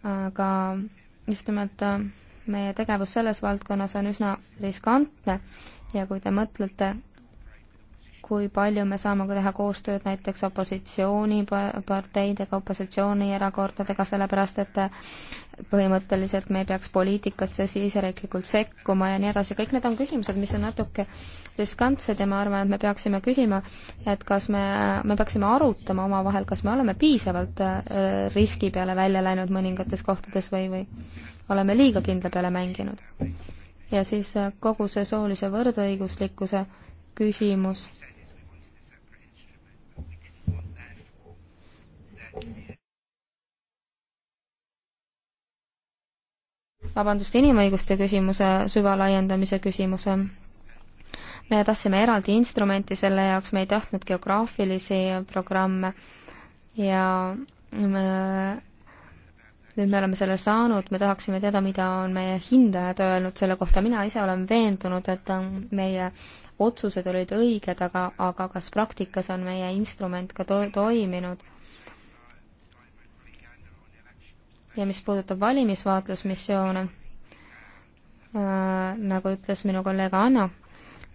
aga just nimelt äh, meie tegevus selles valdkonnas on üsna riskantne ja kui te mõtlete kui palju me saame teha koostööd näiteks opositsiooniparteidega, opositsioonierakordadega, sellepärast et põhimõtteliselt me ei peaks poliitikasse siseriiklikult sekkuma ja nii edasi, kõik need on küsimused, mis on natuke riskantsed ja ma arvan, et me peaksime küsima, et kas me, me peaksime arutama omavahel, kas me oleme piisavalt äh, riski peale välja läinud mõningates kohtades või, või oleme liiga kindla peale mänginud. ja siis äh, kogu see soolise võrdõiguslikkuse küsimus vabandust, inimõiguste küsimuse süvalaiendamise küsimuse. me tahtsime eraldi instrumenti selle jaoks, me ei tahtnud geograafilisi programme ja me, nüüd me oleme selle saanud, me tahaksime teada, mida on meie hindajad öelnud selle kohta, mina ise olen veendunud, et meie otsused olid õiged, aga, aga kas praktikas on meie instrument ka to toiminud ja mis puudutab valimisvaatlusmissioone, äh, nagu ütles minu kolleeg Anna,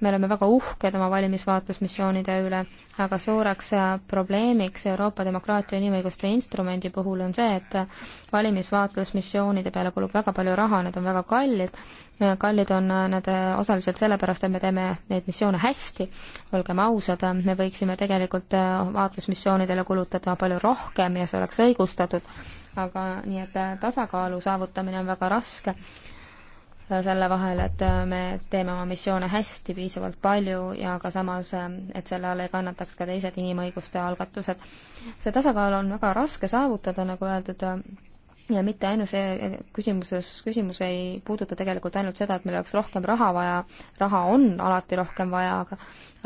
me oleme väga uhked oma valimisvaatlusmissioonide üle, aga suureks äh, probleemiks Euroopa demokraatia ja inimõiguste instrumendi puhul on see, et äh, valimisvaatlusmissioonide peale kulub väga palju raha, need on väga kallid, kallid on äh, nad osaliselt sellepärast, et me teeme neid missioone hästi, olgem ausad, me võiksime tegelikult vaatlusmissioonidele kulutada palju rohkem ja see oleks õigustatud, aga nii et tasakaalu saavutamine on väga raske selle vahel, et äh, me teeme oma missioone hästi, piisavalt palju ja ka samas, äh, et selle all ei kannataks ka teised inimõiguste algatused. see tasakaal on väga raske saavutada, nagu öeldud, äh, ja mitte ainus küsimuses, küsimus ei puuduta tegelikult ainult seda, et meil oleks rohkem raha vaja, raha on alati rohkem vaja, aga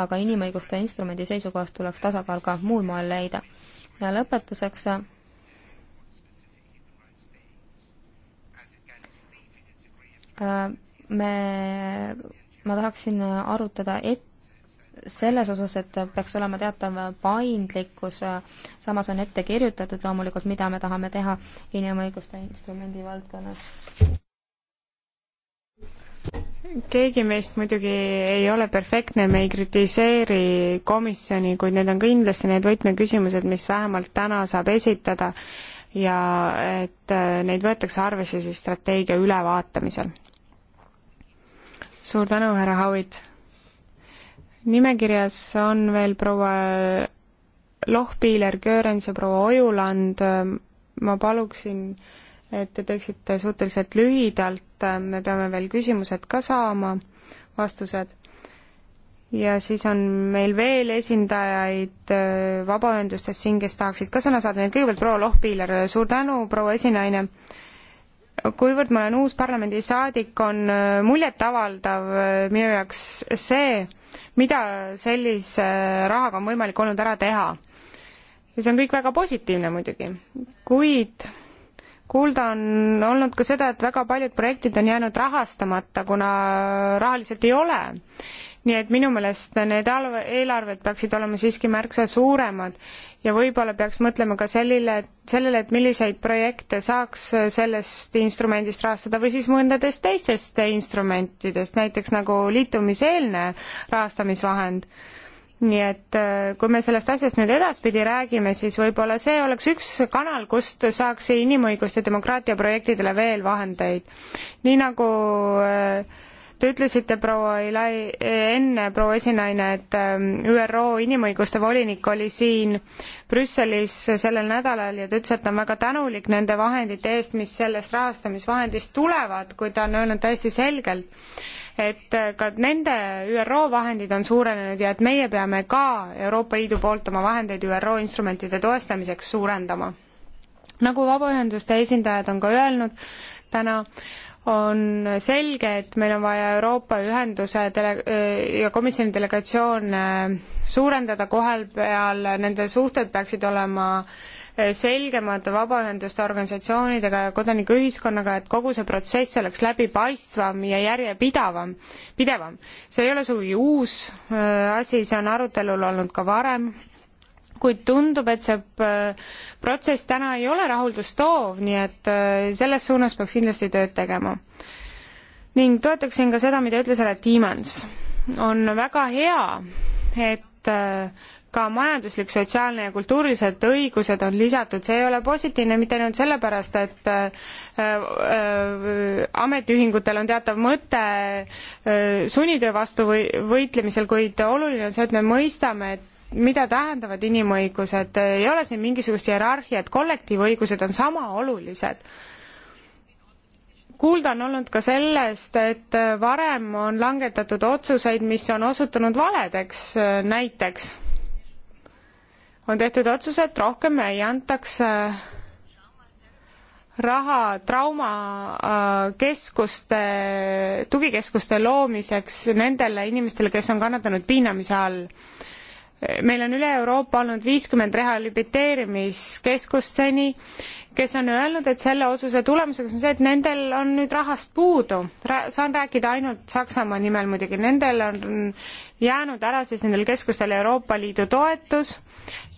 aga inimõiguste instrumendi seisukohast tuleks tasakaal ka muul moel leida. ja lõpetuseks Äh, me, ma tahaksin arutada et-, selles osas, et peaks olema teatav paindlikkus, samas on ette kirjutatud loomulikult, mida me tahame teha inimõiguste instrumendi valdkonnas. keegi meist muidugi ei ole perfektne, me ei kritiseeri komisjoni, kuid need on kindlasti need võtmeküsimused, mis vähemalt täna saab esitada ja et äh, neid võetakse arvesse siis strateegia ülevaatamisel suur tänu, härra Howitt. nimekirjas on veel proua Lohpiiler, Göörens ja proua Ojuland. ma paluksin, et te teeksite suhteliselt lühidalt, me peame veel küsimused ka saama, vastused. ja siis on meil veel esindajaid äh, vabaühendustest siin, kes tahaksid ka sõna saada, nii et kõigepealt proua Lohpiiler, suur tänu, proua esinaine kuivõrd ma olen uus parlamendisaadik, on äh, muljetavaldav äh, minu jaoks see, mida sellise äh, rahaga on võimalik olnud ära teha. ja see on kõik väga positiivne muidugi, kuid kuulda on olnud ka seda, et väga paljud projektid on jäänud rahastamata, kuna rahaliselt ei ole nii et minu meelest need eelarved peaksid olema siiski märksa suuremad ja võib-olla peaks mõtlema ka sellile, sellele, et milliseid projekte saaks sellest instrumendist rahastada või siis mõndadest teistest instrumentidest, näiteks nagu liitumiseelne rahastamisvahend nii et äh, kui me sellest asjast nüüd edaspidi räägime, siis võib-olla see oleks üks kanal, kust saaks inimõiguste demokraatia projektidele veel vahendeid. nii nagu äh, Te ütlesite, proua Ilai, enne, proua esinaine, et ähm, ÜRO inimõiguste volinik oli siin Brüsselis sellel nädalal ja ta ütles, et ta on väga tänulik nende vahendite eest, mis sellest rahastamisvahendist tulevad, kui ta on öelnud täiesti selgelt, et äh, ka nende ÜRO vahendid on suurenenud ja et meie peame ka Euroopa Liidu poolt oma vahendeid ÜRO instrumentide toestamiseks suurendama. nagu vabaühenduste esindajad on ka öelnud täna, on selge, et meil on vaja Euroopa Ühenduse dele- ja komisjoni delegatsioone äh, suurendada kohal peal, nende suhted peaksid olema äh, selgemad vabaühenduste organisatsioonidega ja kodanikuühiskonnaga, et kogu see protsess oleks läbipaistvam ja järjepidavam, pidevam. see ei ole sugugi uus äh, asi, see on arutelul olnud ka varem kuid tundub, et see äh, protsess täna ei ole rahuldust toov, nii et äh, selles suunas peaks kindlasti tööd tegema. ning toetaksin ka seda, mida ütles härra Tiimans. on väga hea, et äh, ka majanduslik, sotsiaalne ja kultuurilised õigused on lisatud, see ei ole positiivne mitte ainult sellepärast, et äh, äh, ametiühingutel on teatav mõte äh, sunnitöö vastu või võitlemisel, kuid oluline on see, et me mõistame, et mida tähendavad inimõigused, ei ole siin mingisugust hierarhiat, kollektiivõigused on sama olulised. kuulda on olnud ka sellest, et varem on langetatud otsuseid, mis on osutunud valedeks, näiteks on tehtud otsus, et rohkem ei antaks äh, raha traumakeskuste, äh, tugikeskuste loomiseks nendele inimestele, kes on kannatanud piinamise all meil on üle Euroopa olnud viiskümmend rehabiliteerimiskeskust seni, kes on öelnud, et selle otsuse tulemuseks on see, et nendel on nüüd rahast puudu Ra. saan rääkida ainult Saksamaa nimel muidugi, nendel on jäänud ära siis nendel keskustel Euroopa Liidu toetus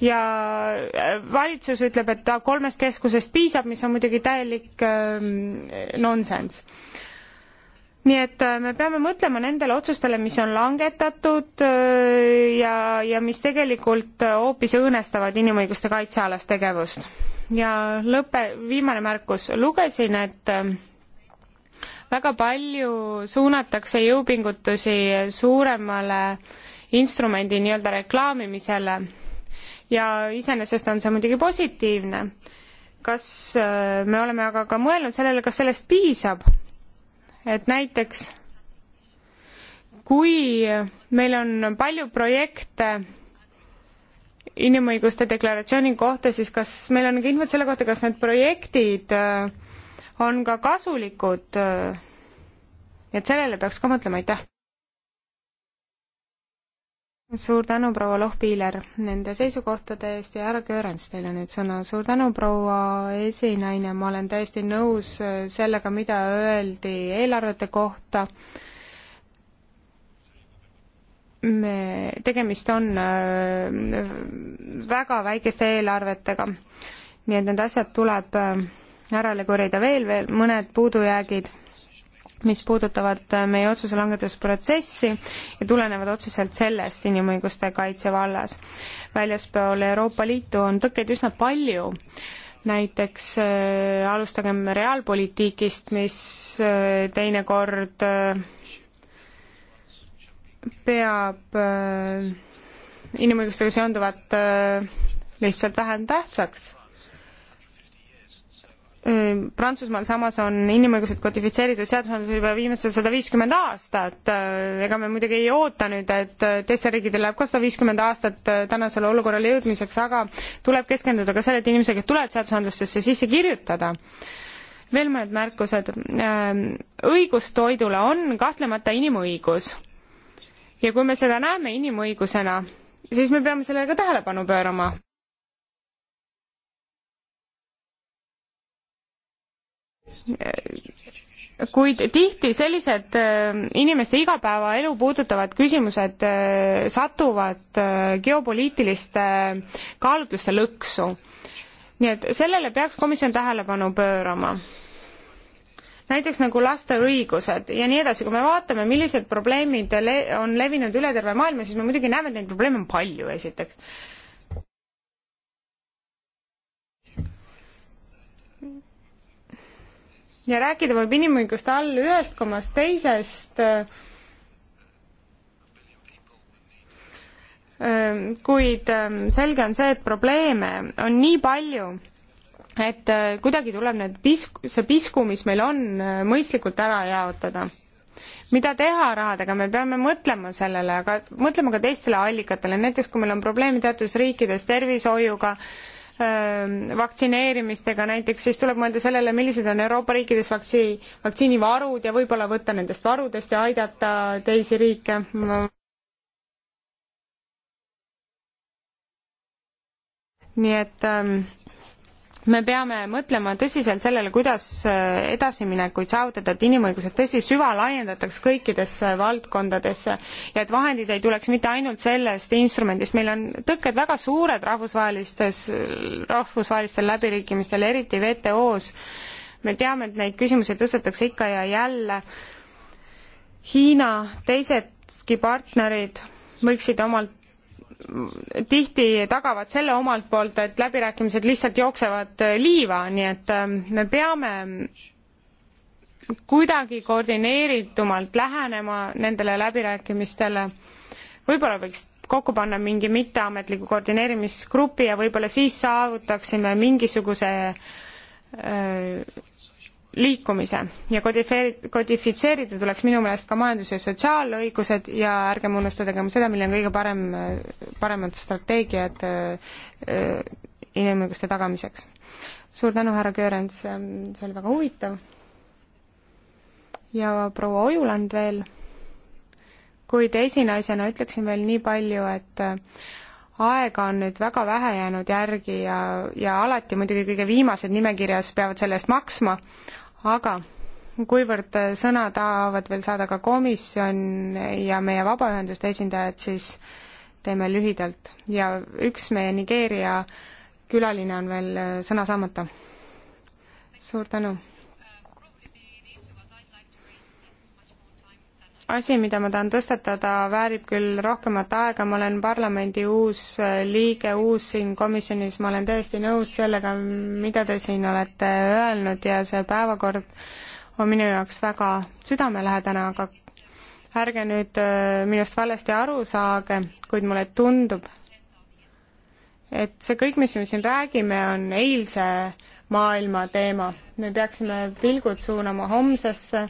ja äh, valitsus ütleb, et kolmest keskusest piisab, mis on muidugi täielik äh, nonsenss nii et äh, me peame mõtlema nendele otsustele, mis on langetatud äh, ja, ja mis tegelikult äh, hoopis õõnestavad inimõiguste kaitsealast tegevust. ja lõpe, viimane märkus, lugesin, et väga palju suunatakse jõupingutusi suuremale instrumendi nii-öelda reklaamimisele ja iseenesest on see muidugi positiivne. kas me oleme aga ka mõelnud sellele, kas sellest piisab? et näiteks kui meil on palju projekte inimõiguste deklaratsiooni kohta, siis kas meil on ka infot selle kohta, kas need projektid äh, on ka kasulikud? Äh, et sellele peaks ka mõtlema, aitäh! suur tänu, proua Lohpiiler, nende seisukohtade eest ja härra Köörens, teil on nüüd sõna. suur tänu, proua esinaine, ma olen täiesti nõus äh, sellega, mida öeldi eelarvete kohta. me, tegemist on äh, väga väikeste eelarvetega, nii et need asjad tuleb äh, ära reguleerida veel, veel mõned puudujäägid mis puudutavad äh, meie otsuse langetusprotsessi ja tulenevad otseselt sellest inimõiguste kaitse vallas. väljaspool Euroopa Liitu on tõkkeid üsna palju, näiteks äh, alustagem reaalpoliitikist, mis äh, teinekord äh, peab äh, inimõigustega seonduvat äh, lihtsalt vähem tähtsaks Ehm, Prantsusmaal samas on inimõigused kodifitseeritud seadusandlusel juba viimased sada viiskümmend aastat. Äh, ega me muidugi ei oota nüüd, et äh, teistel riikidel läheb ka sada viiskümmend aastat äh, tänasele olukorrale jõudmiseks, aga tuleb keskenduda ka sellele, et inimesed, kes tulevad seadusandlustesse sisse kirjutada veel mõned märkused. Ehm, õigus toidule on kahtlemata inimõigus. ja kui me seda näeme inimõigusena, siis me peame sellele ka tähelepanu pöörama kuid tihti sellised äh, inimeste igapäevaelu puudutavad küsimused äh, satuvad äh, geopoliitiliste kaalutluste lõksu. nii et sellele peaks komisjon tähelepanu pöörama. näiteks nagu laste õigused ja nii edasi, kui me vaatame, millised probleemid on levinud üle terve maailma, siis me muidugi näeme, et neid probleeme on palju, esiteks ja rääkida võib inimõiguste all ühest komast teisest, ähm, kuid ähm, selge on see, et probleeme on nii palju, et äh, kuidagi tuleb need pisk-, see pisku, mis meil on, äh, mõistlikult ära jaotada. mida teha rahadega, me peame mõtlema sellele, aga mõtlema ka teistele allikatele, näiteks kui meil on probleeme teatud riikides tervishoiuga, Ähm, vaktsineerimistega näiteks, siis tuleb mõelda sellele, millised on Euroopa riikides vaktsi-, vaktsiinivarud ja võib-olla võtta nendest varudest ja aidata teisi riike. nii et ähm, me peame mõtlema tõsiselt sellele, kuidas äh, edasiminekuid saavutada, et inimõigused tõesti süvalaiendataks kõikidesse valdkondadesse ja et vahendid ei tuleks mitte ainult sellest instrumendist, meil on tõkked väga suured rahvusvahelistes, rahvusvahelistel läbirikkimistel, eriti WTO-s. me teame, et neid küsimusi tõstetakse ikka ja jälle. Hiina, teisedki partnerid võiksid omalt tihti tagavad selle omalt poolt, et läbirääkimised lihtsalt jooksevad äh, liiva, nii et ähm, me peame kuidagi koordineeritumalt lähenema nendele läbirääkimistele. võib-olla võiks kokku panna mingi mitteametliku koordineerimisgrupi ja võib-olla siis saavutaksime mingisuguse öö, äh, liikumise ja kodifeeri-, kodifitseerida tuleks minu meelest ka majandus- ja sotsiaalõigused ja ärgem unustagem seda, milline on kõige parem, paremad strateegiad äh, inimõiguste tagamiseks. suur tänu, härra Göörens, see oli väga huvitav. ja proua Ojuland veel, kuid esinaisena ütleksin veel nii palju, et äh, aega on nüüd väga vähe jäänud järgi ja, ja alati muidugi kõige viimased nimekirjas peavad selle eest maksma, aga kuivõrd sõna tahavad veel saada ka komisjon ja meie vabaühenduste esindajad, siis teeme lühidalt ja üks meie Nigeeria külaline on veel äh, sõna saamata. suur tänu! asi, mida ma tahan tõstatada, väärib küll rohkemat aega, ma olen parlamendi uus äh, liige, uus siin komisjonis, ma olen täiesti nõus sellega, mida te siin olete öelnud ja see päevakord on minu jaoks väga südamelähedane, aga ärge nüüd äh, minust valesti aru saage, kuid mulle tundub, et see kõik, mis me siin räägime, on eilse maailma teema. me peaksime pilgud suunama homsesse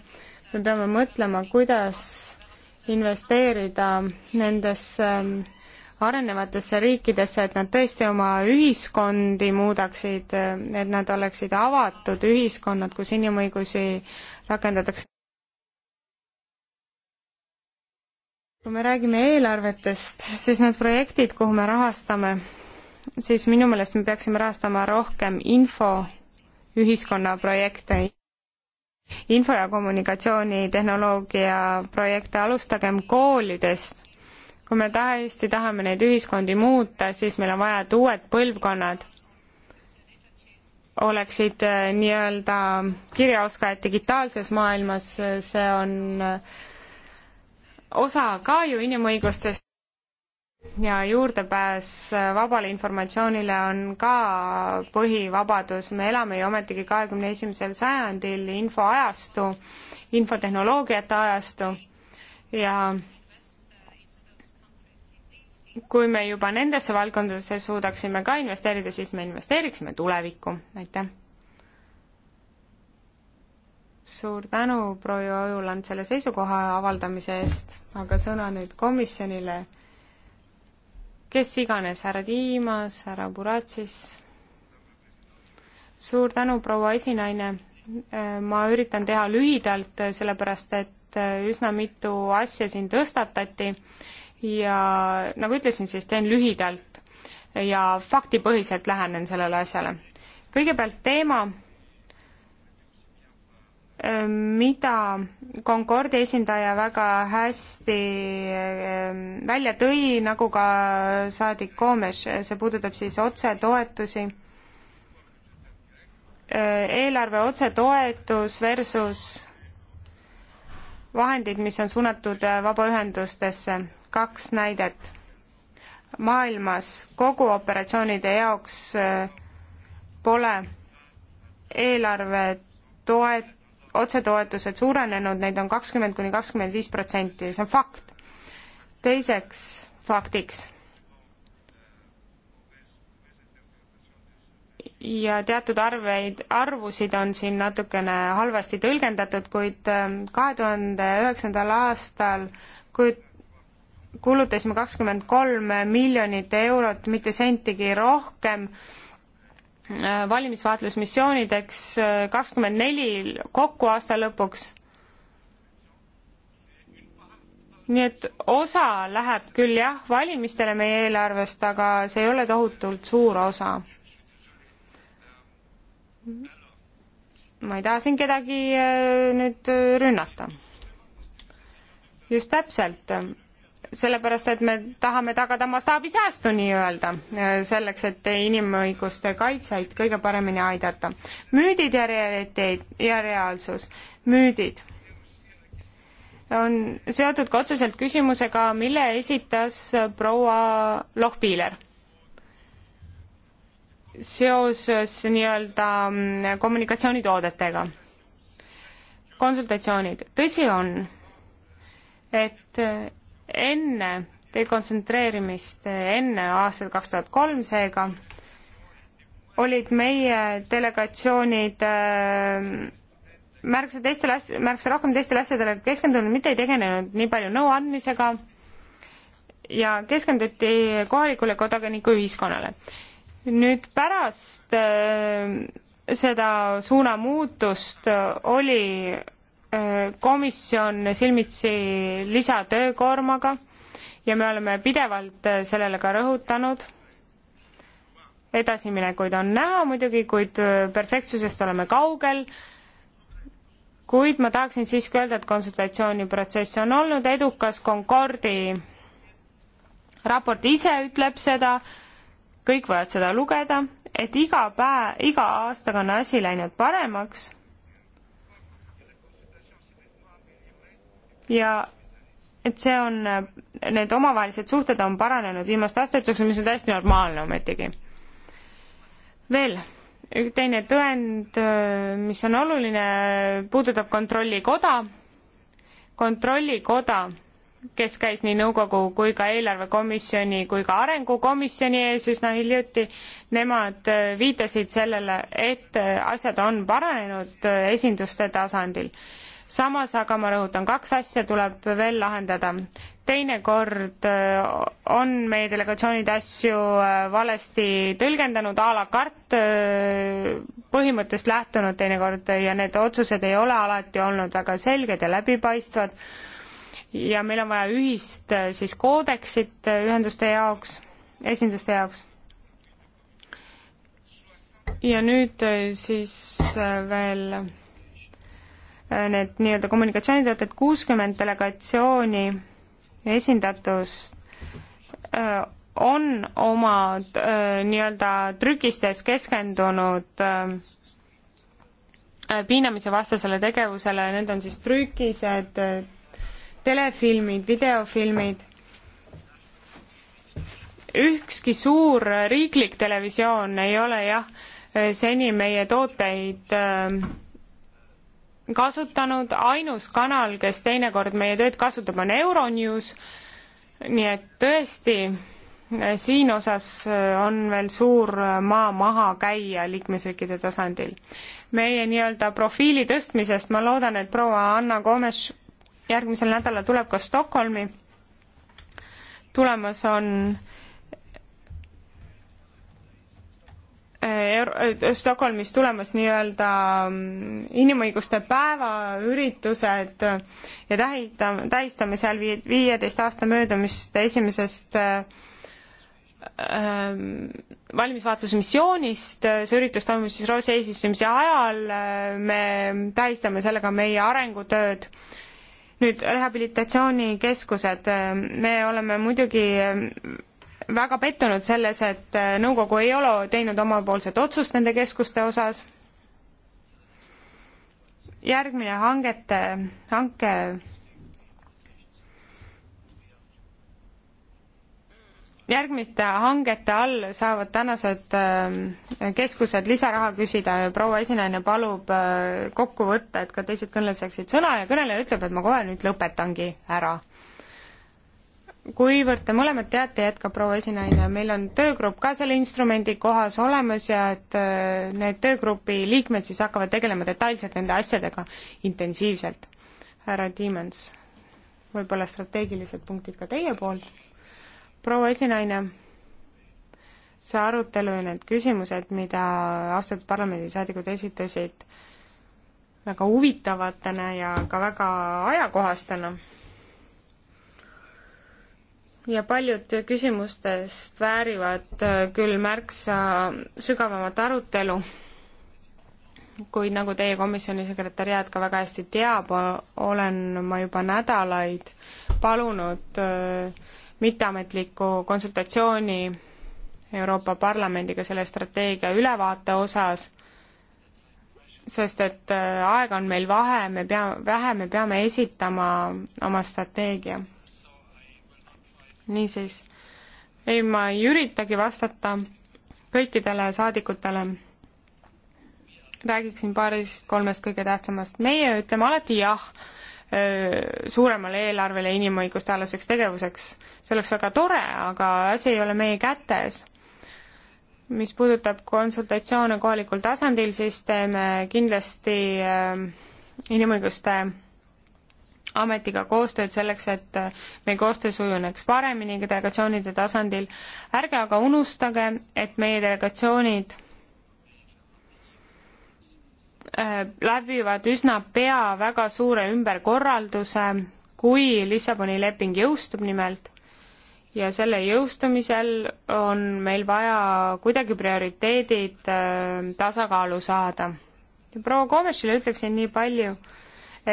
me peame mõtlema, kuidas investeerida nendesse ähm, arenevatesse riikidesse, et nad tõesti oma ühiskondi muudaksid, äh, et nad oleksid avatud ühiskonnad, kus inimõigusi rakendatakse. kui me räägime eelarvetest, siis need projektid, kuhu me rahastame, siis minu meelest me peaksime rahastama rohkem info ühiskonna projekte info- ja kommunikatsioonitehnoloogia projekte, alustagem koolidest. kui me täiesti tahame neid ühiskondi muuta, siis meil on vaja, et uued põlvkonnad oleksid äh, nii-öelda kirjaoskajad digitaalses maailmas, see on äh, osa ka ju inimõigustest ja juurdepääs vabale informatsioonile on ka põhivabadus, me elame ju ometigi kahekümne esimesel sajandil infoajastu, infotehnoloogiate ajastu ja kui me juba nendesse valdkondadesse suudaksime ka investeerida, siis me investeeriksime tulevikku, aitäh. suur tänu, proua Ojuland, selle seisukoha avaldamise eest, aga sõna nüüd komisjonile kes iganes, härra Diimas, härra Buratsis. suur tänu, proua esinaine. Äh, ma üritan teha lühidalt, äh, sellepärast et äh, üsna mitu asja siin tõstatati ja nagu ütlesin, siis teen lühidalt ja faktipõhiselt lähenen sellele asjale. kõigepealt teema Ehm, mida Concordi esindaja väga hästi ehm, välja tõi, nagu ka saadik Koomes, see puudutab siis otsetoetusi. Ehm, eelarve otsetoetus versus vahendid, mis on suunatud vabaühendustesse, kaks näidet. maailmas kogu operatsioonide jaoks pole eelarve toet-, otsetoetused suurenenud, neid on kakskümmend kuni kakskümmend viis protsenti, see on fakt. teiseks faktiks ja teatud arveid, arvusid on siin natukene halvasti tõlgendatud, kuid ähm, kahe tuhande üheksandal aastal, kui kulutasime kakskümmend kolm miljonit eurot, mitte sentigi rohkem äh, Äh, valimisvaatlusmissioonideks äh, kakskümmend neli kokku aasta lõpuks. nii et osa läheb küll jah, valimistele meie eelarvest, aga see ei ole tohutult suur osa. ma ei taha siin kedagi äh, nüüd rünnata. just täpselt sellepärast, et me tahame tagada mastaabisäästu nii-öelda, selleks, et inimõiguste kaitsjaid kõige paremini aidata. müüdid ja realiteet ja reaalsus, müüdid on seotud ka otseselt küsimusega, mille esitas proua Lohpiiler. seoses nii-öelda kommunikatsioonitoodetega. konsultatsioonid, tõsi on, et enne dekontsentreerimist, enne aastat kaks tuhat kolm seega, olid meie delegatsioonid äh, märksa teistele as-, märksa rohkem teistele asjadele keskendunud, mitte ei tegelenud nii palju nõuandmisega ja keskenduti kohalikule kodanikuühiskonnale. nüüd pärast äh, seda suunamuutust oli komisjon silmitsi lisatöökoormaga ja me oleme pidevalt sellele ka rõhutanud. edasiminekuid on näha muidugi, kuid perfektsusest oleme kaugel. kuid ma tahaksin siiski öelda, et konsultatsiooniprotsess on olnud edukas, Concordi raport ise ütleb seda, kõik võivad seda lugeda, et iga päev, iga aastaga on asi läinud paremaks ja et see on, need omavahelised suhted on paranenud viimaste aastate jooksul, mis on täiesti normaalne ometigi. veel, teine tõend, mis on oluline, puudutab Kontrollikoda. kontrollikoda, kes käis nii nõukogu kui ka eelarvekomisjoni kui ka arengukomisjoni ees üsna hiljuti, nemad viitasid sellele, et asjad on paranenud esinduste tasandil samas aga ma rõhutan, kaks asja tuleb veel lahendada. teinekord äh, on meie delegatsioonid asju äh, valesti tõlgendanud, a la carte äh, põhimõttest lähtunud teinekord ja need otsused ei ole alati olnud väga selged ja läbipaistvad ja meil on vaja ühist siis koodeksit ühenduste jaoks, esinduste jaoks. ja nüüd siis veel Äh, need nii-öelda kommunikatsioonitöötajad, kuuskümmend delegatsiooni esindatust äh, on oma äh, nii-öelda trükistes keskendunud piinamise vastasele tegevusele, need on siis trükised, telefilmid, videofilmid. ükski suur riiklik televisioon ei ole jah, seni meie tooteid äh, kasutanud, ainus kanal, kes teinekord meie tööd kasutab, on Euronews, nii et tõesti, siin osas äh, on veel suur äh, maa maha käia liikmesriikide tasandil. meie nii-öelda profiili tõstmisest ma loodan, et proua Anna Gomes järgmisel nädalal tuleb ka Stockholmi. tulemas on Äh, Stockholmis tulemas nii-öelda mm, inimõiguste päevaüritused äh, ja tähitame, tähistame seal viieteist aasta möödumist esimesest äh, ähm, valmisvaatlusmissioonist, see üritus toimub siis Rootsi eesistumise ajal, me tähistame sellega meie arengutööd. nüüd rehabilitatsioonikeskused, me oleme muidugi väga pettunud selles, et äh, nõukogu ei ole teinud omapoolset otsust nende keskuste osas. järgmine hangete, hanke järgmiste hangete all saavad tänased äh, keskused lisaraha küsida ja proua esinaine palub äh, kokku võtta, et ka teised kõnelejad saaksid sõna ja kõneleja ütleb, et ma kohe nüüd lõpetangi ära kuivõrd te mõlemad teate, jätkab proua esinaine, meil on töögrupp ka selle instrumendi kohas olemas ja et äh, need töögrupi liikmed siis hakkavad tegelema detailselt nende asjadega intensiivselt. härra Tiimans, võib-olla strateegilised punktid ka teie poolt. proua esinaine, see arutelu ja need küsimused, mida austatud parlamendisaadikud esitasid, väga huvitavatena ja ka väga ajakohastena ja paljud küsimustest väärivad äh, küll märksa sügavamat arutelu, kuid nagu teie komisjoni sekretäriaat ka väga hästi teab, olen ma juba nädalaid palunud äh, mitteametlikku konsultatsiooni Euroopa Parlamendiga selle strateegia ülevaate osas, sest et äh, aega on meil vahe, me pea, vähe, me peame esitama oma strateegia niisiis, ei, ma ei üritagi vastata kõikidele saadikutele. räägiksin paarist-kolmest kõige tähtsamast. meie ütleme alati jah suuremale eelarvele inimõiguste alaseks tegevuseks. see oleks väga tore, aga asi ei ole meie kätes. mis puudutab konsultatsioone kohalikul tasandil, siis teeme kindlasti inimõiguste ametiga koostööd selleks, et äh, meil koostöö sujuneks paremini delegatsioonide tasandil. ärge aga unustage, et meie delegatsioonid äh, läbivad üsna pea väga suure ümberkorralduse, kui Lissaboni leping jõustub nimelt ja selle jõustumisel on meil vaja kuidagi prioriteedid äh, tasakaalu saada. proua Komešile ütleksin nii palju,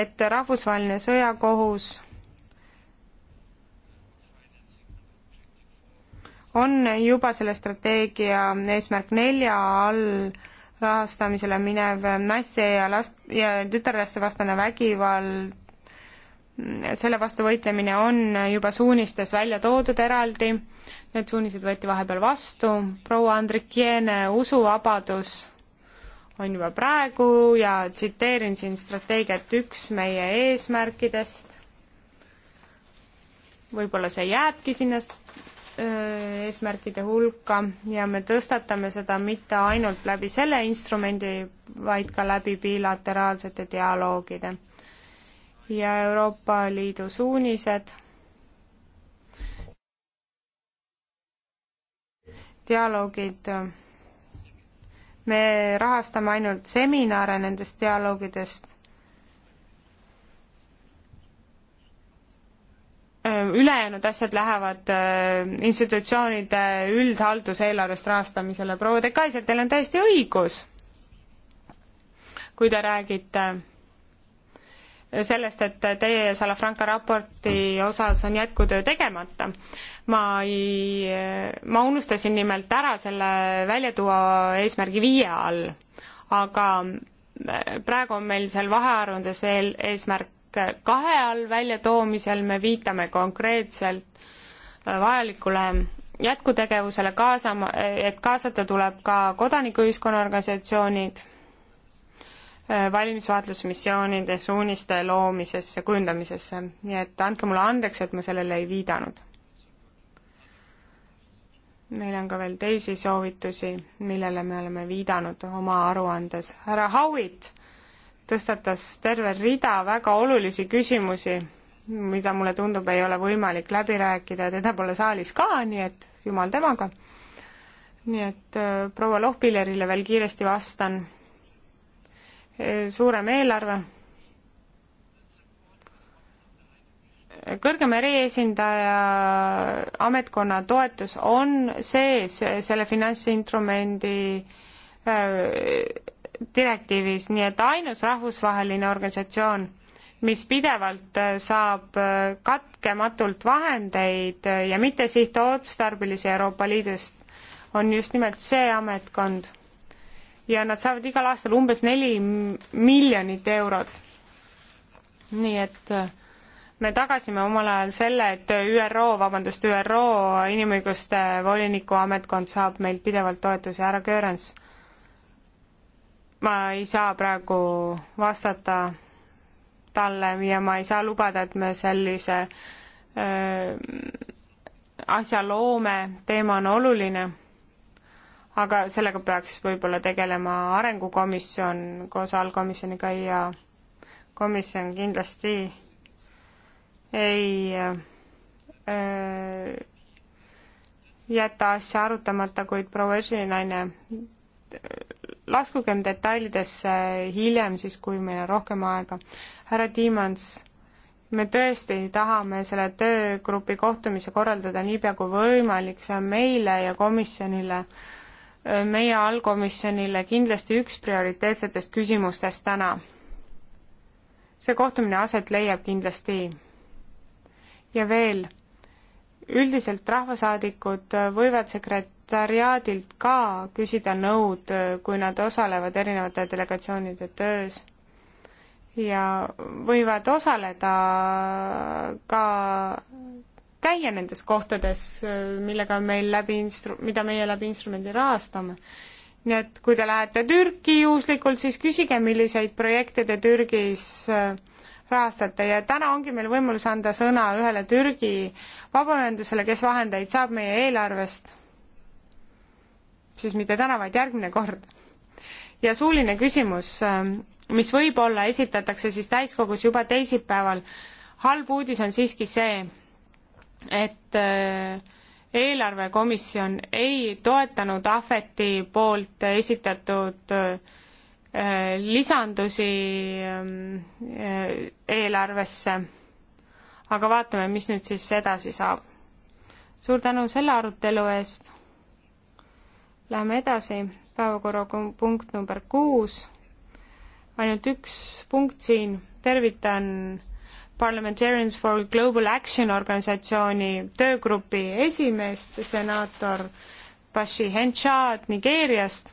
et rahvusvaheline sõjakohus on juba selle strateegia eesmärk nelja all rahastamisele minev naiste ja last- ja tütarlaste vastane vägivald, selle vastu võitlemine on juba suunistes välja toodud eraldi, need suunised võeti vahepeal vastu, proua Andrikiene usuvabadus on juba praegu ja tsiteerin siin strateegiat üks meie eesmärkidest. võib-olla see jääbki sinna eesmärkide hulka ja me tõstatame seda mitte ainult läbi selle instrumendi, vaid ka läbi bilateraalsete dialoogide. ja Euroopa Liidu suunised. dialoogid me rahastame ainult seminare nendest dialoogidest. ülejäänud asjad lähevad äh, institutsioonide üldhalduseelarvest rahastamisele. proua Dekaiser, teil on täiesti õigus, kui te räägite sellest, et teie ja Salafranca raporti osas on jätkutöö tegemata. ma ei, ma unustasin nimelt ära selle välja tuua eesmärgi viie all, aga praegu on meil seal vahearuandes eel, eesmärk kahe all väljatoomisel, me viitame konkreetselt vajalikule jätkutegevusele kaasama, et kaasata tuleb ka kodanikuühiskonna organisatsioonid Äh, valimisvaatlusmissioonide suuniste loomisesse, kujundamisesse, nii et andke mulle andeks, et ma sellele ei viidanud. meil on ka veel teisi soovitusi, millele me oleme viidanud oma aruandes. härra Howitt tõstatas terve rida väga olulisi küsimusi, mida mulle tundub, ei ole võimalik läbi rääkida ja teda pole saalis ka, nii et jumal temaga. nii et äh, proua Lohpillerile veel kiiresti vastan suurem eelarve. kõrgem eriesindaja ametkonna toetus on sees selle finantsinstrumendi äh, direktiivis, nii et ainus rahvusvaheline organisatsioon, mis pidevalt äh, saab äh, katkematult vahendeid ja mitte sihtotstarbelisi Euroopa Liidust, on just nimelt see ametkond ja nad saavad igal aastal umbes neli miljonit eurot. nii et äh, me tagasime omal ajal selle, et ÜRO, vabandust, ÜRO inimõiguste voliniku ametkond saab meilt pidevalt toetusi, härra Köörens, ma ei saa praegu vastata talle ja ma ei saa lubada, et me sellise öö, äh, asja loome, teema on oluline aga sellega peaks võib-olla tegelema Arengukomisjon koos allkomisjoniga ja komisjon kindlasti ei öö, äh, jäta asja arutamata, kuid proua esinaine, laskugem detailidesse hiljem siis, kui meil on rohkem aega. härra Tiimans, me tõesti tahame selle töögrupi kohtumise korraldada niipea kui võimalik, see on meile ja komisjonile äh, meie allkomisjonile kindlasti üks prioriteetsetest küsimustest täna. see kohtumine aset leiab kindlasti. ja veel, üldiselt rahvasaadikud võivad sekretariaadilt ka küsida nõud, kui nad osalevad erinevate delegatsioonide töös ja võivad osaleda ka käia nendes kohtades, millega meil läbi instru-, mida meie läbi instrumendi rahastame. nii et kui te lähete Türki juhuslikult, siis küsige, milliseid projekte te Türgis äh, rahastate ja täna ongi meil võimalus anda sõna ühele Türgi vabaühendusele, kes vahendeid saab meie eelarvest, siis mitte täna, vaid järgmine kord. ja suuline küsimus, äh, mis võib-olla esitatakse siis täiskogus juba teisipäeval, halb uudis on siiski see, et äh, eelarvekomisjon ei toetanud Ahveti poolt esitatud äh, lisandusi ähm, äh, eelarvesse. aga vaatame, mis nüüd siis edasi saab. suur tänu selle arutelu eest. Läheme edasi, päevakorrapunkt number kuus. ainult üks punkt siin, tervitan Parliamentarians for Global Action organisatsiooni töögrupi esimeest, senaator Bashi Henshad Nigeeriast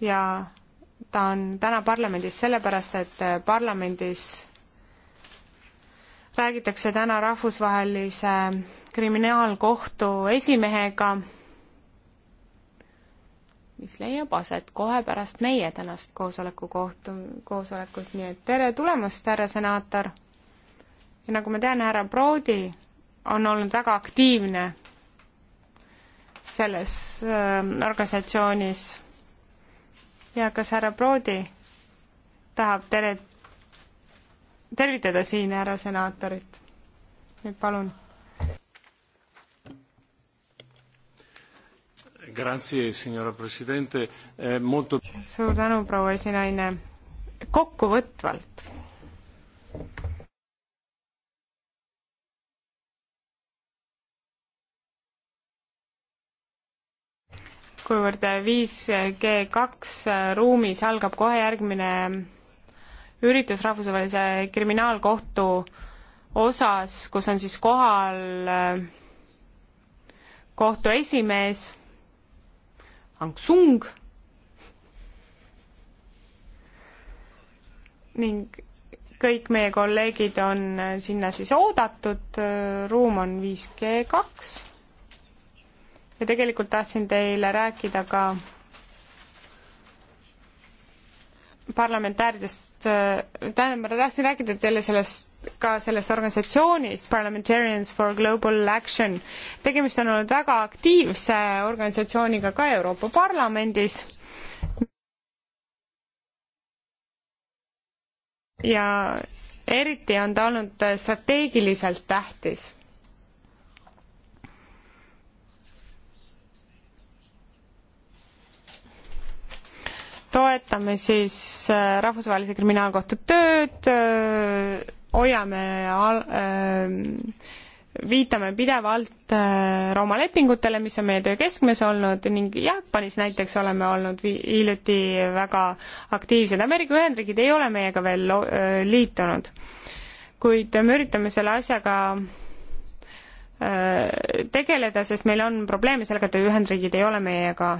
ja ta on täna parlamendis sellepärast, et parlamendis räägitakse täna rahvusvahelise kriminaalkohtu esimehega mis leiab aset kohe pärast meie tänast koosoleku kohtu, koosolekut, nii et tere tulemast, härra senaator! ja nagu ma tean, härra Brody on olnud väga aktiivne selles äh, organisatsioonis ja kas härra Brody tahab tere, tervitada siin härra senaatorit? nüüd palun Grazie, signora presidente eh,, molto. suur tänu, proua esinaine. kokkuvõtvalt. kuivõrd 5G kaks ruumis algab kohe järgmine üritus rahvusvahelise kriminaalkohtu osas, kus on siis kohal äh, kohtu esimees Angsung ning kõik meie kolleegid on äh, sinna siis oodatud, äh, ruum on 5G kaks. ja tegelikult tahtsin teile rääkida ka parlamentääridest, äh, tähendab, ma tahtsin rääkida teile sellest ka selles organisatsioonis Parliamentarians for Global Action. tegemist on olnud väga aktiivse organisatsiooniga ka Euroopa Parlamendis. ja eriti on ta olnud strateegiliselt tähtis toetame siis äh, Rahvusvahelise Kriminaalkohtu tööd, äh, hoiame al-, ähm, viitame pidevalt äh, Rooma lepingutele, mis on meie töö keskmes olnud ning Jaapanis näiteks oleme olnud hiljuti väga aktiivsed. Ameerika Ühendriigid ei ole meiega veel äh, liitunud, kuid me üritame selle asjaga äh, tegeleda, sest meil on probleeme sellega, et Ühendriigid ei ole meiega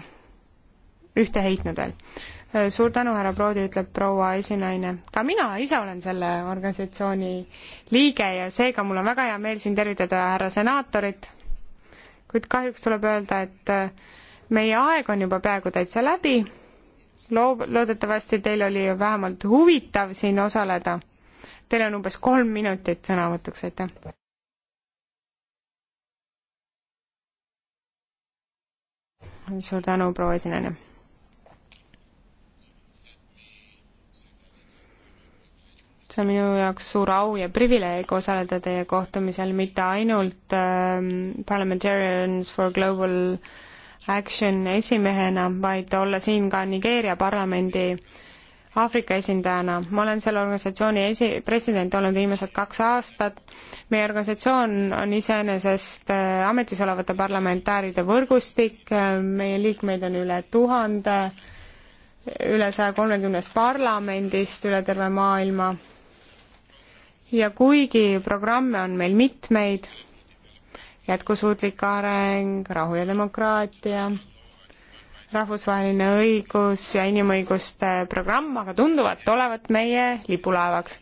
ühte heitnud veel. Äh, suur tänu, härra Proodi, ütleb proua esinaine. ka mina ise olen selle organisatsiooni liige ja seega mul on väga hea meel siin tervitada härra senaatorit, kuid kahjuks tuleb öelda, et äh, meie aeg on juba peaaegu täitsa läbi. loo-, loodetavasti teil oli vähemalt huvitav siin osaleda. Teil on umbes kolm minutit sõnavõtuks, aitäh. suur tänu, proua esinaine see on minu jaoks suur au ja privileeg osaleda teie kohtumisel mitte ainult äh, Parliamentarians for Global Action esimehena, vaid olla siin ka Nigeeria parlamendi Aafrika esindajana. ma olen selle organisatsiooni esi-, president olnud viimased kaks aastat. meie organisatsioon on iseenesest äh, ametis olevate parlamentääride võrgustik äh,, meie liikmeid on üle tuhande, üle saja kolmekümnest parlamendist üle terve maailma ja kuigi programme on meil mitmeid, jätkusuutlik areng, rahu ja demokraatia, rahvusvaheline õigus ja inimõiguste programm, aga tunduvad olevat meie lipulaevaks.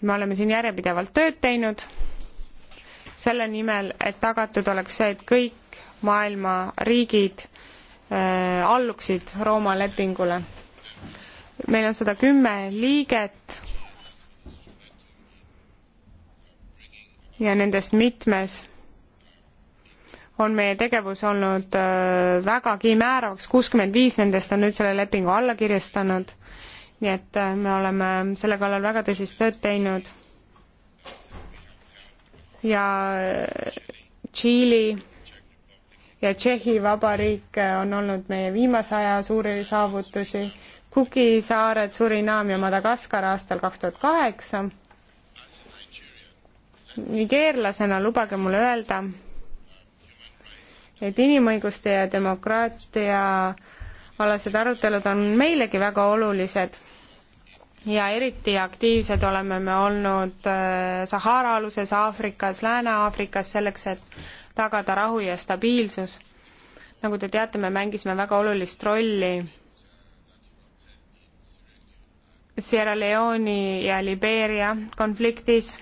me oleme siin järjepidevalt tööd teinud selle nimel, et tagatud oleks see, et kõik maailma riigid äh, alluksid Rooma lepingule. meil on sada kümme liiget ja nendest mitmes on meie tegevus olnud äh, vägagi määravaks, kuuskümmend viis nendest on nüüd selle lepingu alla kirjastanud, nii et äh, me oleme selle kallal väga tõsist tööd teinud. ja äh, Tšiili ja Tšehhi Vabariik on olnud meie viimase aja suuri saavutusi, Kuki saared, Surinaam ja Madagaskar aastal kaks tuhat kaheksa nigeerlasena lubage mulle öelda, et inimõiguste ja demokraatia alased arutelud on meilegi väga olulised ja eriti aktiivsed oleme me olnud äh, Sahara-aluses Aafrikas, Lääne-Aafrikas selleks, et tagada rahu ja stabiilsus. nagu te teate, me mängisime väga olulist rolli Sierra Leone'i ja Libeeria konfliktis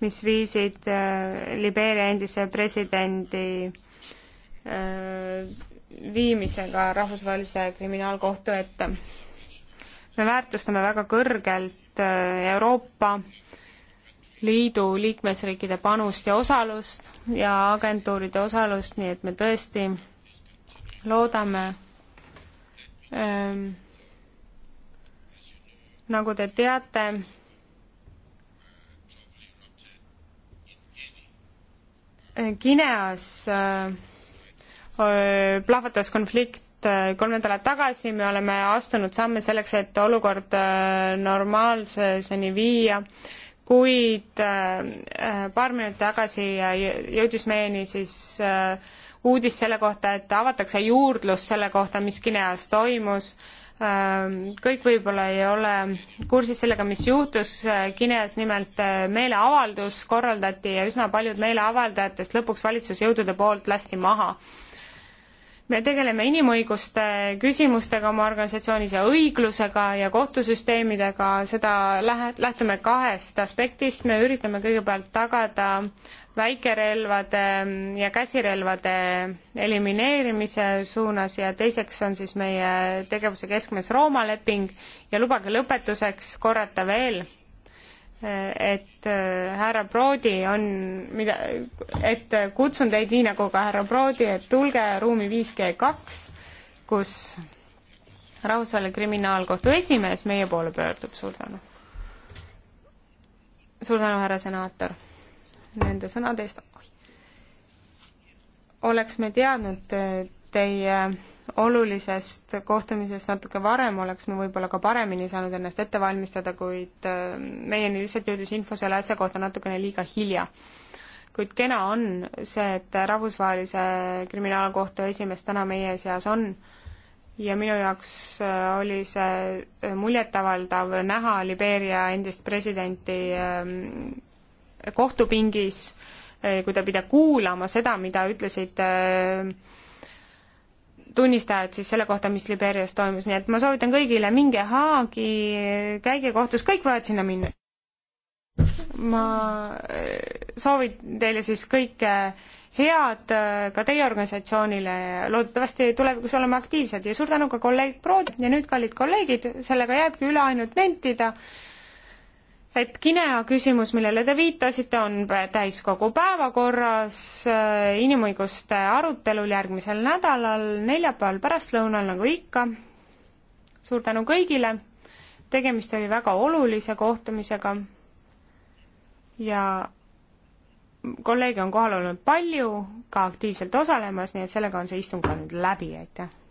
mis viisid äh, Libeeria endise presidendi äh, viimisega rahvusvahelise kriminaalkohtu ette. me väärtustame väga kõrgelt äh, Euroopa Liidu liikmesriikide panust ja osalust ja agentuuride osalust, nii et me tõesti loodame ähm, nagu te teate, Guineas äh, äh, plahvatas konflikt äh, kolm nädalat tagasi, me oleme astunud samme selleks, et olukord normaalsuseni viia, kuid paar minutit tagasi jõudis meieni siis uudis selle kohta, et avatakse juurdlus selle kohta, mis Guineas toimus Ähm, kõik võib-olla ei ole kursis sellega, mis juhtus äh, Guineas, nimelt äh, meeleavaldus korraldati ja üsna paljud meeleavaldajatest lõpuks valitsusjõudude poolt lasti maha me tegeleme inimõiguste küsimustega oma organisatsioonis ja õiglusega ja kohtusüsteemidega, seda lähe-, lähtume kahest aspektist, me üritame kõigepealt tagada väikerelvade ja käsirelvade elimineerimise suunas ja teiseks on siis meie tegevuse keskmes Rooma leping ja lubage lõpetuseks korrata veel, et äh, härra Broodi on, mida, et kutsun teid nii nagu ka härra Broodi, et tulge ruumi 5G2, kus Rahvusvaheline Kriminaalkohtu esimees meie poole pöördub, suur tänu. suur tänu, härra senaator, nende sõnade eest. oleks me teadnud äh, teie olulisest kohtumisest natuke varem, oleks me võib-olla ka paremini saanud ennast ette valmistada, kuid äh, meieni lihtsalt jõudis info selle asja kohta natukene liiga hilja. kuid kena on see, et rahvusvahelise kriminaalkohtu esimees täna meie seas on ja minu jaoks äh, oli see äh, muljetavaldav näha Libeeria endist presidenti ähm, kohtupingis, kui ta pidi kuulama seda, mida ütlesid tunnistajad siis selle kohta, mis Liberias toimus, nii et ma soovitan kõigile, minge Haagi, käige kohtus, kõik võivad sinna minna. ma äh, soovin teile siis kõike head äh, ka teie organisatsioonile, loodetavasti tulevikus oleme aktiivsed ja suur tänu ka kolleeg Prood ja nüüd, kallid kolleegid, sellega jääbki üle ainult nentida, et Guinea küsimus, millele te viitasite, on täiskogu päevakorras äh, inimõiguste arutelul järgmisel nädalal, neljapäeval pärastlõunal, nagu ikka. suur tänu kõigile, tegemist oli väga olulise kohtumisega ja kolleege on kohal olnud palju, ka aktiivselt osalemas, nii et sellega on see istung ka nüüd läbi, aitäh!